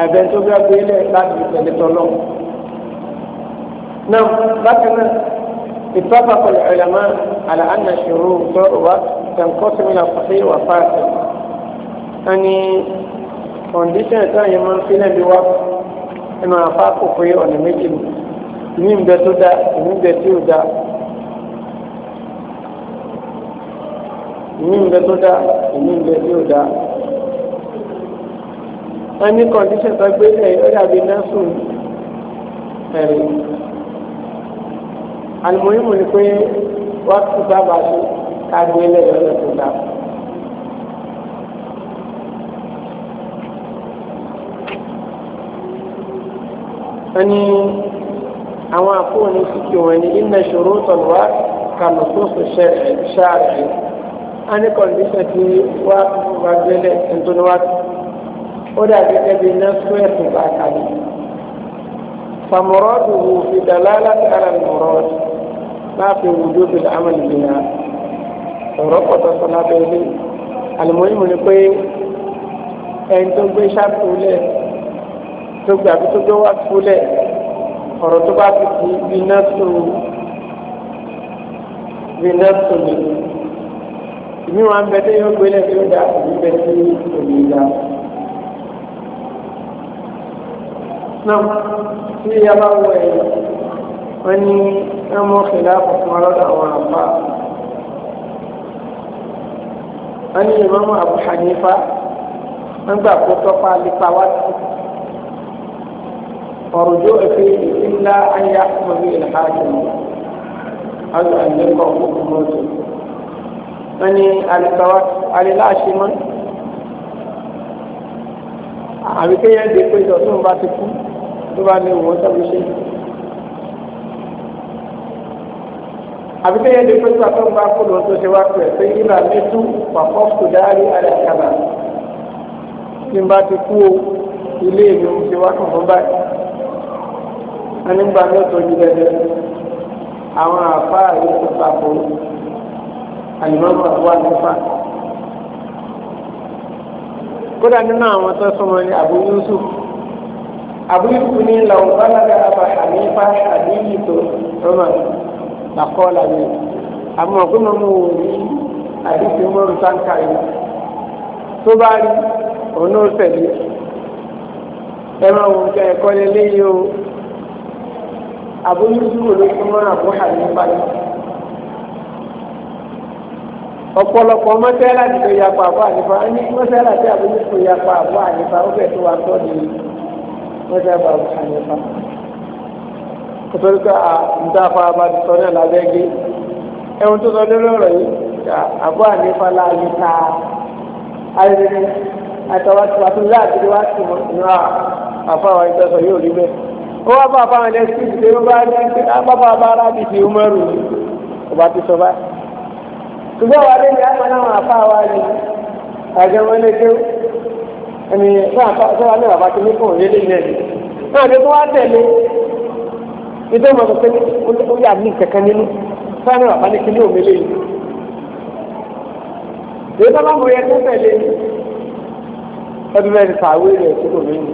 àbẹ̀ tó gbàgbé lẹ̀ láti tẹ̀lé tọ́lọ́mù. نعم لكن اتفق العلماء على أن شروط التوبة تنقسم إلى صحيح وفاسد يعني condition ثانية من فينا بوقت إما أفاق فيه أو نمجم مين بيتو دا مين بيتو دا مين بيتو دا مين بيتو دا أني condition ثانية بيتو دا بيتو دا àlùmọ́yìnmọ́ ni pé wọ́n ti sábà ṣe ká gbé lẹ́yìn ọ̀nà tó dáa. ẹni àwọn àfọwọ́ni síkì wọn ni iná ṣòro tọ̀lùwá kàmù tó sọ ṣáàrẹ̀ a ní kọ̀ǹdíṣàn tí wá bá gbélé nítorí wá ó dà gẹ́gẹ́ bí iná square tó bá kalẹ̀ fàmọ́rọ́dù wò fi dàlálà sí máa fi wùdú fi àmà nìyà ọ̀rọ̀ pọ̀tọ̀ sọ lábẹ́ ilé àlùmọ́yìnmù ni pé ẹni tó gbé ṣáàpù lẹ̀ tó gbé àbí tó gbé wá fúlẹ̀ ọ̀rọ̀ tó bá fi ti iná tó iná tó mi ìmí wọn bẹ tó yóò gbélé tó dá òbí bẹ tó òbí dá. náà tí a wọ ẹ̀yìn wọ́n ní wọ́n mú fìlà kọ̀ọ̀kan lọ́dọ̀ àwọn àpá wọ́n ní ìmọ̀mọ́ Abu Hanifa wọ́n gbà kó tọ́pa lípa wá sí ọ̀rọ̀jọ́ ẹ̀fẹ́ ìlà ayé akọ̀mọ̀bí ìlàájọ́ àwọn àyẹ̀kọ̀ ọ̀gbọ̀n ọ̀jọ̀ wọ́n ní aliláṣẹ mọ́ àbíkẹ́yẹ́ ń de pé ìdọ̀tún bá ti kú tó bá ní òun tọ́bi ṣe. àbí bẹ́ẹ̀ ni pé pàtó ń bá fóònù tó ṣe wá pẹ̀ pé yìí là ní tú pàpọ̀ kò dárí àdàkàlà tí n bá ti kú o ilé mi ò ṣe wá kàn fún báyìí wọn ní gbà ní òtòjú dẹdẹ àwọn àfáà yóò tó papò àyùmọ́mọ́ àbúwá nípa kódà nínú àwọn tó súnmọ́ ní Abu Yusuf Abu Yusuf ní làwọn bá lága àbàhà nípa àdéhìí tó rọmọ làkọ́ọ̀lá mi àmọ́ ọ̀gbọ́n mọ́ mo rí àdìsí mọ́rù sáńkà yìí tó bá rí òun náà tẹ̀lé ẹ máa wọ nǹkan ẹ̀kọ́ lé léyìí o àbójútó ló fún mọ́ra fún àdìsí ọ̀pọ̀lọpọ̀ mọ́sálà ti lè yapa àbọ̀ ànífà ẹni mọ́sálà tí àbójútó yapa àbọ̀ ànífà ó fẹ́ tó wa tọ́ di mọ́sálà àbọ̀ ànífà. nítorí pé àǹdá afárabàdì sọ náà lábẹ́ gé ẹ̀hún tó sọ lórí ọ̀rọ̀ yìí àbọ̀ ànífà láàyè ta ayẹyẹ àtàwọn àti láàbìrì wá sí wọn ìnira àfáwọn ìtọ́sọ yóò rí bẹ́ẹ̀. ó wá bá àfáwọn ilẹ̀ ìdílé wọn bá ní bá rábì fi ọba ti sọ bá. ṣùgbọ́n àwọn ẹni ìdó mọ̀ pé ó yà ní kankan nínú fáwọn àwọn àbáníkí ní òmìnira yìí. èyí tó bá mọ̀ yẹ kó tẹ̀lé ẹbí bẹ́ẹ̀ ni sàwé rẹ̀ tó kò lóyún.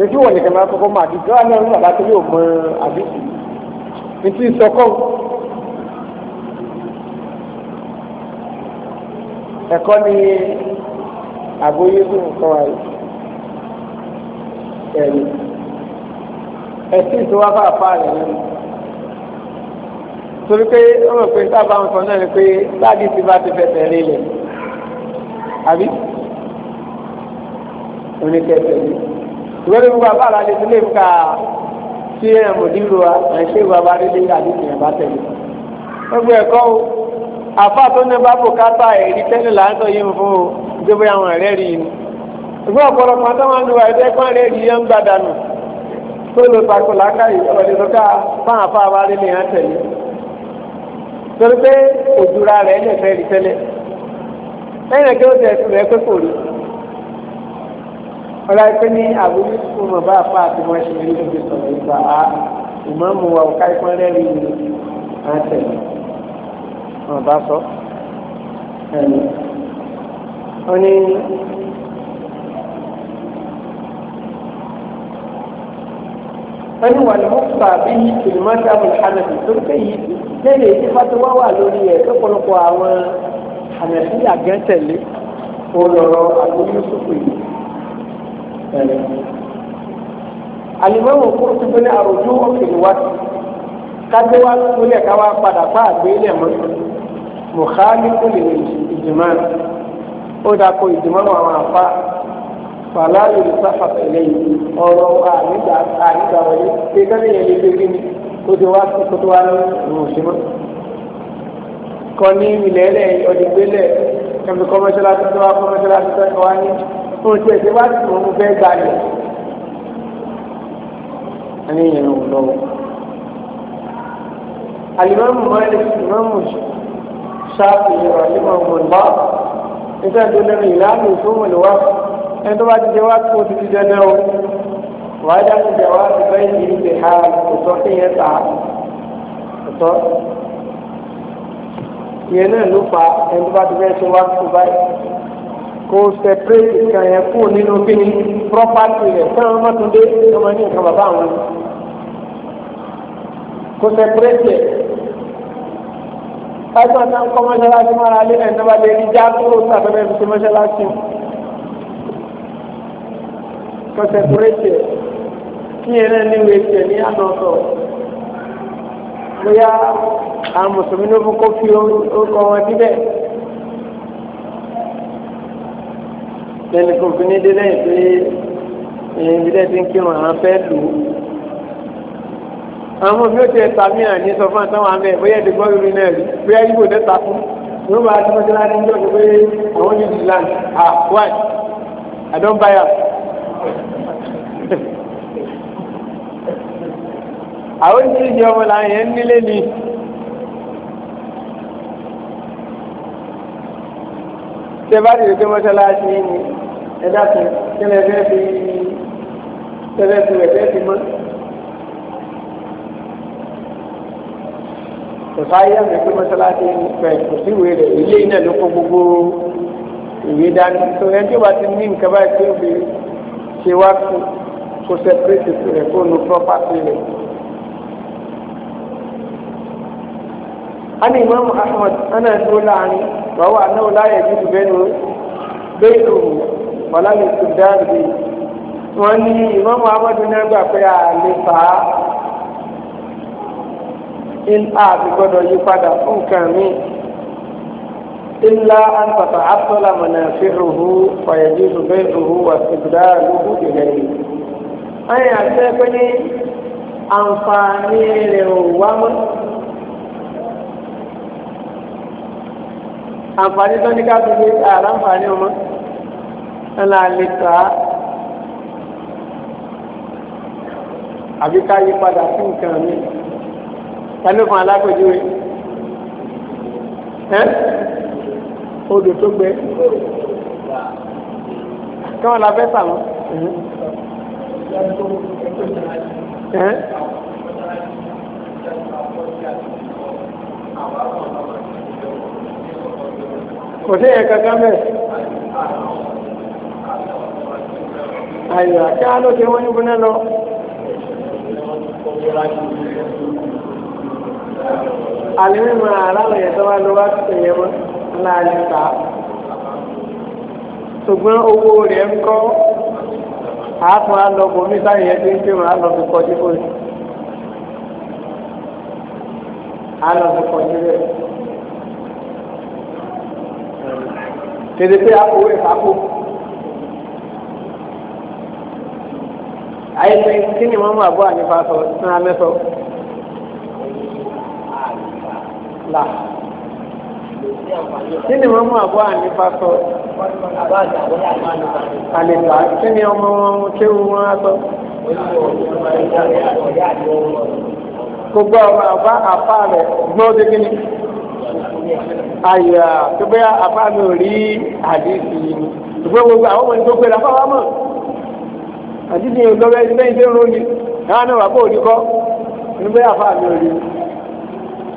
èyí wọ̀ nìkan máa kọ́kọ́ máa di gbọ́dọ̀ náà ní bàbá tó ní òmọ àbíkì. ní ti sọkọ́ ẹ̀kọ́ ni àbóyé fún nǹkan àyè ẹ̀sìn tó wá bá àfa rẹ̀ lẹ́nu torí pé ó rò pé sábà ń sọ náà ni pé sáàdì ti bá ti fẹsẹ̀ rí lẹ̀ àbí oníkẹsẹ̀ rí ìwé ní gbogbo àbára lè ti lè ka tí ẹ̀ mòdìrò wa ẹ̀ ṣé bàbá rí lé àbí tìyẹ̀ bá tẹ̀lé gbogbo ẹ̀kọ́ o àfa tó ní bábò kápá ẹ̀rí tẹ́lẹ̀ là ń sọ yìí fún o gbogbo àwọn ẹ̀rẹ́ rí i ni ìgbọ́ ọ̀pọ̀lọpọ̀ àtàwọn àdúrà ẹ̀dẹ́gbọ́n rẹ̀ rí i ń gbàdánù tó lè pàṣẹ làákàyè ọ̀rẹ́ lọ́kà fáwọn afáwa rí ni à ń tẹ̀lé torí pé òjúra rẹ̀ ẹ̀ lẹ́fẹ̀ẹ́ rí tẹ́lẹ̀ lẹ́yìn ẹgbẹ́ òjò ẹ̀sùn rẹ̀ pé kò rí ọ̀rọ̀ ẹgbẹ́ ní àbúrú fún ọba àpá àti wọn ṣe rí lóde sọ̀rọ̀ ìgbà á ìmọ̀ọ́mù wa ọ̀ka ìpọ́n rẹ́rì ni à tẹ̀lé wọn sọ ẹ̀mí wọn ní. wani wàlúmọ́fà bí ìlúmọ́tà mùsàlùmí tó ń kéyìí lẹ́yìn èyí fásitì wá wà lórí ẹ̀ tó pọ̀lọpọ̀ àwọn àmẹ́sí àgẹ́tẹ̀lé olùrọ̀ àgbóyúsùfù yìí. alimọ́wò kúrò tó gbé ní àròjú òkèlè wá sí kájé wá lólẹ̀ ká wá padà fá àgbélé mọ́ mùsàlùmí kò lè ìjùmọ́ ó dàkọ ìjùmọ́ àwọn àfa fàlà lórí sáfà pẹ̀lẹ́ yìí ọ̀rọ̀ àyígbà àyígbà wọlé pé kẹ́lẹ́ yẹn lè gbé kí ni kó tó wá sí kó tó wá ní ìrùn òṣèlú. kọ́ ní ilẹ̀ ẹlẹ́ ọ̀dẹ̀gbẹ́lẹ̀ ẹ̀mí kọ́mọ́ṣẹ́lá tó tó wá kọ́mọ́ṣẹ́lá tó tó wá ní fún ti ẹ̀sẹ̀ wá sí òun fẹ́ gbà yẹn. ẹni yẹn ò lọ́wọ́. alimami mọ́lẹ̀ imamu ṣáàpì ìrọ̀lẹ́ mọ̀ ẹni tó bá ti jẹ wá kó ti ti dẹdẹ o wàá dáhùn jẹ wá ti bẹ́ẹ̀ ní ìgbè ha kò sọ kí yẹn ta kò sọ ìyẹn náà ló fa ẹni tó bá ti bẹ́ẹ̀ ṣe wá kó báyìí kò sẹpẹrẹtì kan yẹn kú nínú kíni pírọ́pátì rẹ̀ fẹ́ràn mọ́tòdé ọmọ ní nǹkan bàbá àwọn kò sẹpẹrẹtì ẹ̀ ẹgbẹ́ ọ̀sán kọ́ mọ́ṣáláṣí mọ́ra lé ẹ̀ nígbà lè rí já kúrò sábẹ́rẹ́ fi ṣe mọ́ṣáláṣí kọ́sẹ̀pẹ́rẹ́tì kí yẹn náà ní ní ànọ́tọ̀ bóyá àwọn mùsùlùmí ló fún kó fi orúkọ wọn síbẹ̀ lẹ́nu kò fi ní délẹ̀ pé èyí bí lẹ́sìn kírun àwọn fẹ́ lù ú àwọn ọmọ mi tiẹ̀ ta àní sọ fún àtàwọn àmì bóyá ìdìbò yorùbá náà rí bóyá yíbo dẹ́ta fún yóò máa tí wọ́n ti láti ń jọ́ pé àwọn yóò di land ah why I don buy am àwọn oríṣiríṣi ọmọ làwọn nílé ni. ṣé bá dìde pé mọ́ṣáláṣí ni ẹ dákun kí lè fẹ́ fi tẹ́lẹ̀ fi rẹ̀ fẹ́ fi mọ́. ìfáyà mi pé mọ́ṣáláṣí ni pẹ̀lú sí ìwé rẹ̀ ilé iná ló kó gbogbo ìwé dání. sọ̀rọ̀ ẹni tí ó bá ti ní nǹkan báyìí pé obìnrin ṣe wá fún kó sẹpẹrẹtì rẹ fóònù pọpátì rẹ. ani imaamu ahmad ana ẹsọ láàrin wàhùn anáwó láyé dídú bẹ́ẹ̀ ló bẹ́ẹ̀ ló wàlá lè tó dáàbì wọn ní imaamu ahmad náà gbà pé àlè fà á in a ti gbọ́dọ̀ yí padà fún nǹkan míì. إلا أن تتعطل منافعه فيجوز بيعه واستبداله إليه أي أتاكني أنفاني للوام àǹfààní tó ní ká fi lé ààrá àǹfààní ọmọ ẹnlá lè ta á àbí ká yí padà sí nǹkan mi ẹnu fún alákòjú rẹ ẹ odò tó gbẹ kí wọ́n la fẹ́ sà wọ́n. kò sí yẹn kankan bẹ́ẹ̀. àyà kí wọ́n ló ṣe wọ́n ní gbóná lọ. àlè mímọ àlàlẹ̀ yẹn tó wá lọ wá tẹ̀yẹ wọn máa lè fà á ṣùgbọ́n owó rẹ̀ ń kọ́ àáfún alọ́gbọ̀n mi báyìí ẹni ń kéwòn alọ́fi kọjú bó ṣe alọ́fi kọjú rẹ̀ tètè pé akọ̀wé fàákò. àyẹ̀pẹ̀ kí ni wọ́n mú àbọ̀ ànífà sọ sí amẹ́sọ̀ kí ọmọ abụọ àbọ̀ ànífà sọ ọmọ wọn kéwu wọn sọ. gbogbo àbá àfa rẹ̀ gbọ́n dé ni àyà tó bẹ́ẹ̀ àfa mi ò rí gbogbo àwọn ọmọ ní tó gbé làbá mọ̀ yìí bẹ́ẹ̀ ní náà mi ò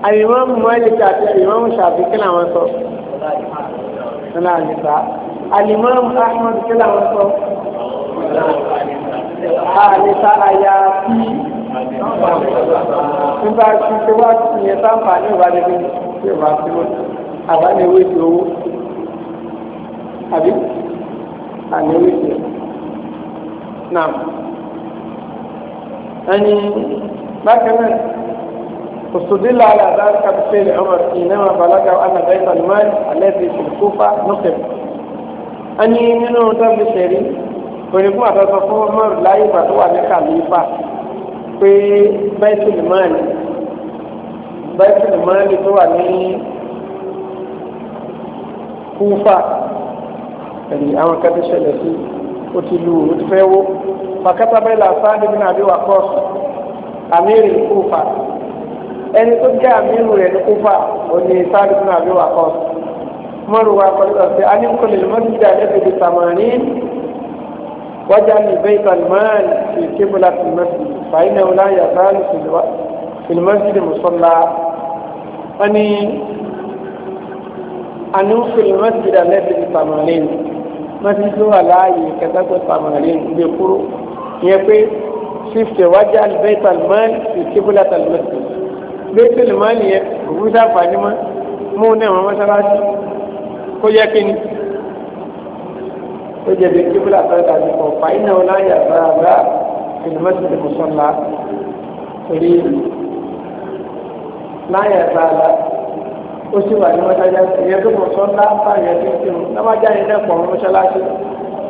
àyìnbọn mọ́lìkì àti àyìnbọn ṣàfi kí làwọn sọ ọ̀nà àlìfà àlìmọ́ ahmed kí làwọn sọ àlìfà àyà fi nígbà tí tí wá ìyẹn sáǹfà ní ìwádìí bí tí ò bá sí wọn àbániwé ti owó àbí àníwé ti náà ẹni bákan náà. استدل على ذلك بفعل عمر حينما بلغ أن بيت المال الذي في الكوفة نصب أني من نتاب الشيري ونقوم أتصفه عمر لا يفتوى لخليفة في بيت المال بيت المال هو كوفة يعني أما كتب الشيري وتلو وتفاو فكتب إلى سعد بن أبي وقاص أمير الكوفة ẹni tó jẹ́ àmírù rẹ̀ ní kúfà òní sáré fún àbí wà kọ́ mọ́rù wa kọ́ lọ sí anímkọ́lẹ̀ lọ́dún jẹ́ àdébìdì sàmánì wájà ní bẹ́ẹ̀ salman fi kébùlà tìmọ́sì fàyínà ọ̀la yàtàlù tìmọ́sì ní mùsọ́lá wọ́n ní anímkọ́lẹ̀ mọ́sì dà lẹ́bìdì sàmánì mọ́sì tó wà láàyè kẹtàkọ́ sàmánì gbé kúrò yẹ pé fífẹ̀ wájà ní bẹ́ẹ̀ salman fi kébùlà tìmọ́sì bẹ́ẹ̀ lè máa nìyẹn òkú sáfàní mọ́ mú un náà wọ́n mọ́sálásí kó yẹ kí ni ó jẹ̀bi kíbílà fẹ́ tàbí kan fàyín náà láyà rárá ìlúmọ́sí ti kò sọ́la torí láyà rárá ó sì wà ní mọ́sálásí ìyẹn tó kò sọ́la fáyẹ̀ tó ti mú lọ́mọdé yẹn náà pọ̀ mọ́sálásí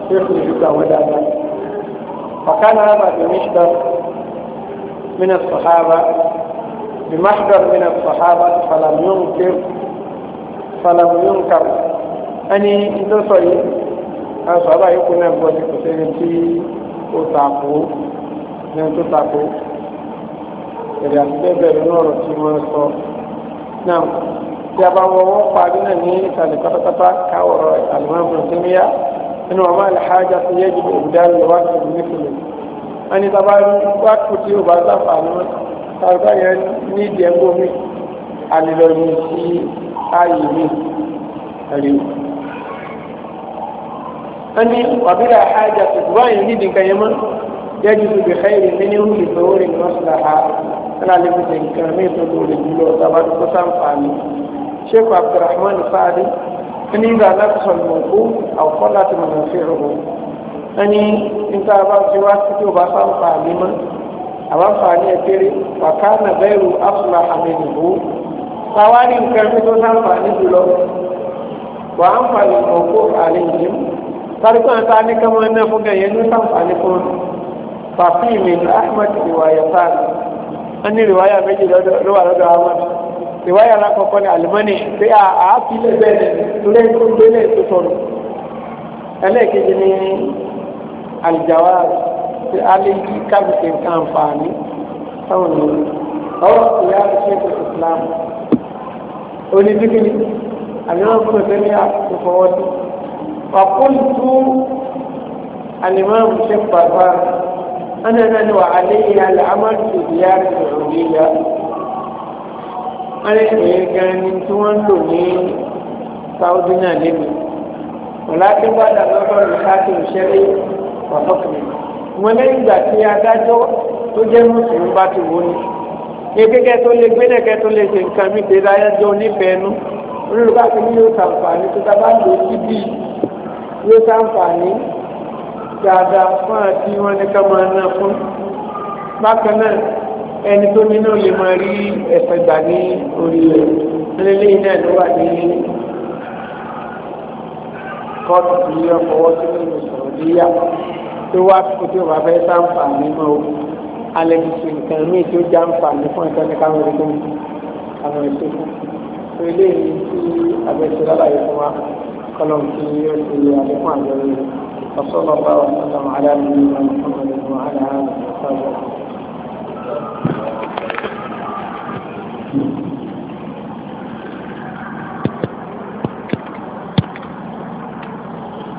tó kù ìdúgbò àwọn dáadáa. ọ̀kan náà bàbá mi ṣùgbọ́n mí بمحضر من الصحابة فلم ينكر فلم ينكر أني إذا صلي أصحابة يكون أبوات كثير في أتاقو من تتاقو إذا أتبع نور تيمان صور نعم tí a bá wọ wọn pàdé náà ní ìsàlẹ̀ pátápátá káwọ̀rọ̀ alimami tèmíyà nínú ọmọ alhaja tó yẹ jù ìdáhùn ìwádìí nípìnlẹ̀. wọ́n ní sábà wá kùtì ò bá sáfà ní tàbí yẹn ní ìdí ẹgbẹ́ mi alìlọ́ọ̀mù sí ààyè mi ẹ̀rí. wọ́n ní wàbílà àjà ṣùgbọ́n àyè nídìí nǹkan yẹn mọ́ yẹ́jú tó bẹ̀ xẹ́yìn ní nínú ìfowó rẹ̀ lọ́sọ̀lá ha ẹ̀rọ alẹ́ fi ṣe nǹkan mí tó lóore jùlọ tàbá tó sáǹfààní. sheikh abdulrahman fadi ẹni ìgbà alákòóso lòókù àwòkọ́ láti mọ̀nà fẹ́ràn o ẹni nígbà bá ti wá sí àwọn àǹfààní ẹ̀kẹ́rẹ́ wàkánà bẹ́ẹ̀rù afúnà àmìnìbó tàwárí nǹkan tó tó sáǹfààní jùlọ wà àǹfààní ọ̀pọ̀ àlẹ́ ìjìm tàbíkọ́ àti anìkàmọ́ ẹ̀nà fún gẹ̀yẹ ní sáǹfààní fún un fàfí ìmìn ahmed ìwàyà sáà wọ́n ní ìwáyà méjì lọ́wọ́ lọ́dọ̀ ahmed ìwáyà alákọ̀ọ́kọ́ ní alimọ́nì pé àáfi lè bẹ́ẹ̀ lórí ẹ̀kọ́ gbélé tó sọ̀rọ̀ ẹlẹ́ẹ̀kejì ní alìjàwá àti alẹ́yí kábíyèsí nǹkan àǹfààní táwọn ènìyàn ọwọ́ ìyá àti ṣe ìsìlámù onídìgbìnì àmìwọ̀n fún ẹ̀fẹ́ ní àfọwọ́sí wàkúntù alimami ṣe pàpà ana nani wa alẹ́yí alẹ́ amadu ìyá àti ìròyìn alẹ́ ìròyìn gan ni tí wọ́n lò ní saudi náà lẹ́nu wọ́n láti gbọ́dọ̀ lọ́dọ̀ lọ́dọ̀ ìṣẹ́lẹ̀ wàhókùnrin ṣùgbọ́n lẹ́yìn ìgbà tí adájọ́ tó jẹ́ mùsùlùmí bá ti wò ni kékeré tó lè gbé náà kẹ́tọ́ lè ṣe nǹkan mi tẹ̀lé adájọ́ onífẹ̀ẹ́ nu olùkọ́ àti mi yóò ṣàǹfààní tó ta bá lò sí bíi yóò ṣàǹfààní dáadáa fún àti wọn ni ká máa ná fún bákan náà ẹni tó ní náà lè máa rí ẹ̀fẹ̀ gbà ní orí rẹ̀ lélẹ́yìn náà ló wà ní kóòtù tí ọkọ̀ wọ́n ti sọ̀rọ̀ níyà tó wá kó tí o bá fẹ́ sáǹfààní mọ́ o alẹ́ ti ṣe nǹkan míì tí ó já ǹfààní fún ẹ̀ka ní káwọn ẹ̀rọ tó ń àwọn ẹ̀ṣẹ́ fún tó ilé yìí tí abẹ́ṣẹ́ lálàyé fún wa kọ́lọ́m tí ó ti lè àlékún àjọ rẹ̀ ọ̀ṣọ́nà bá wà sọ́dọ̀ àdáni ní ìlànà fún ọ̀rẹ́ fún àdáhà ọ̀ṣọ́nà.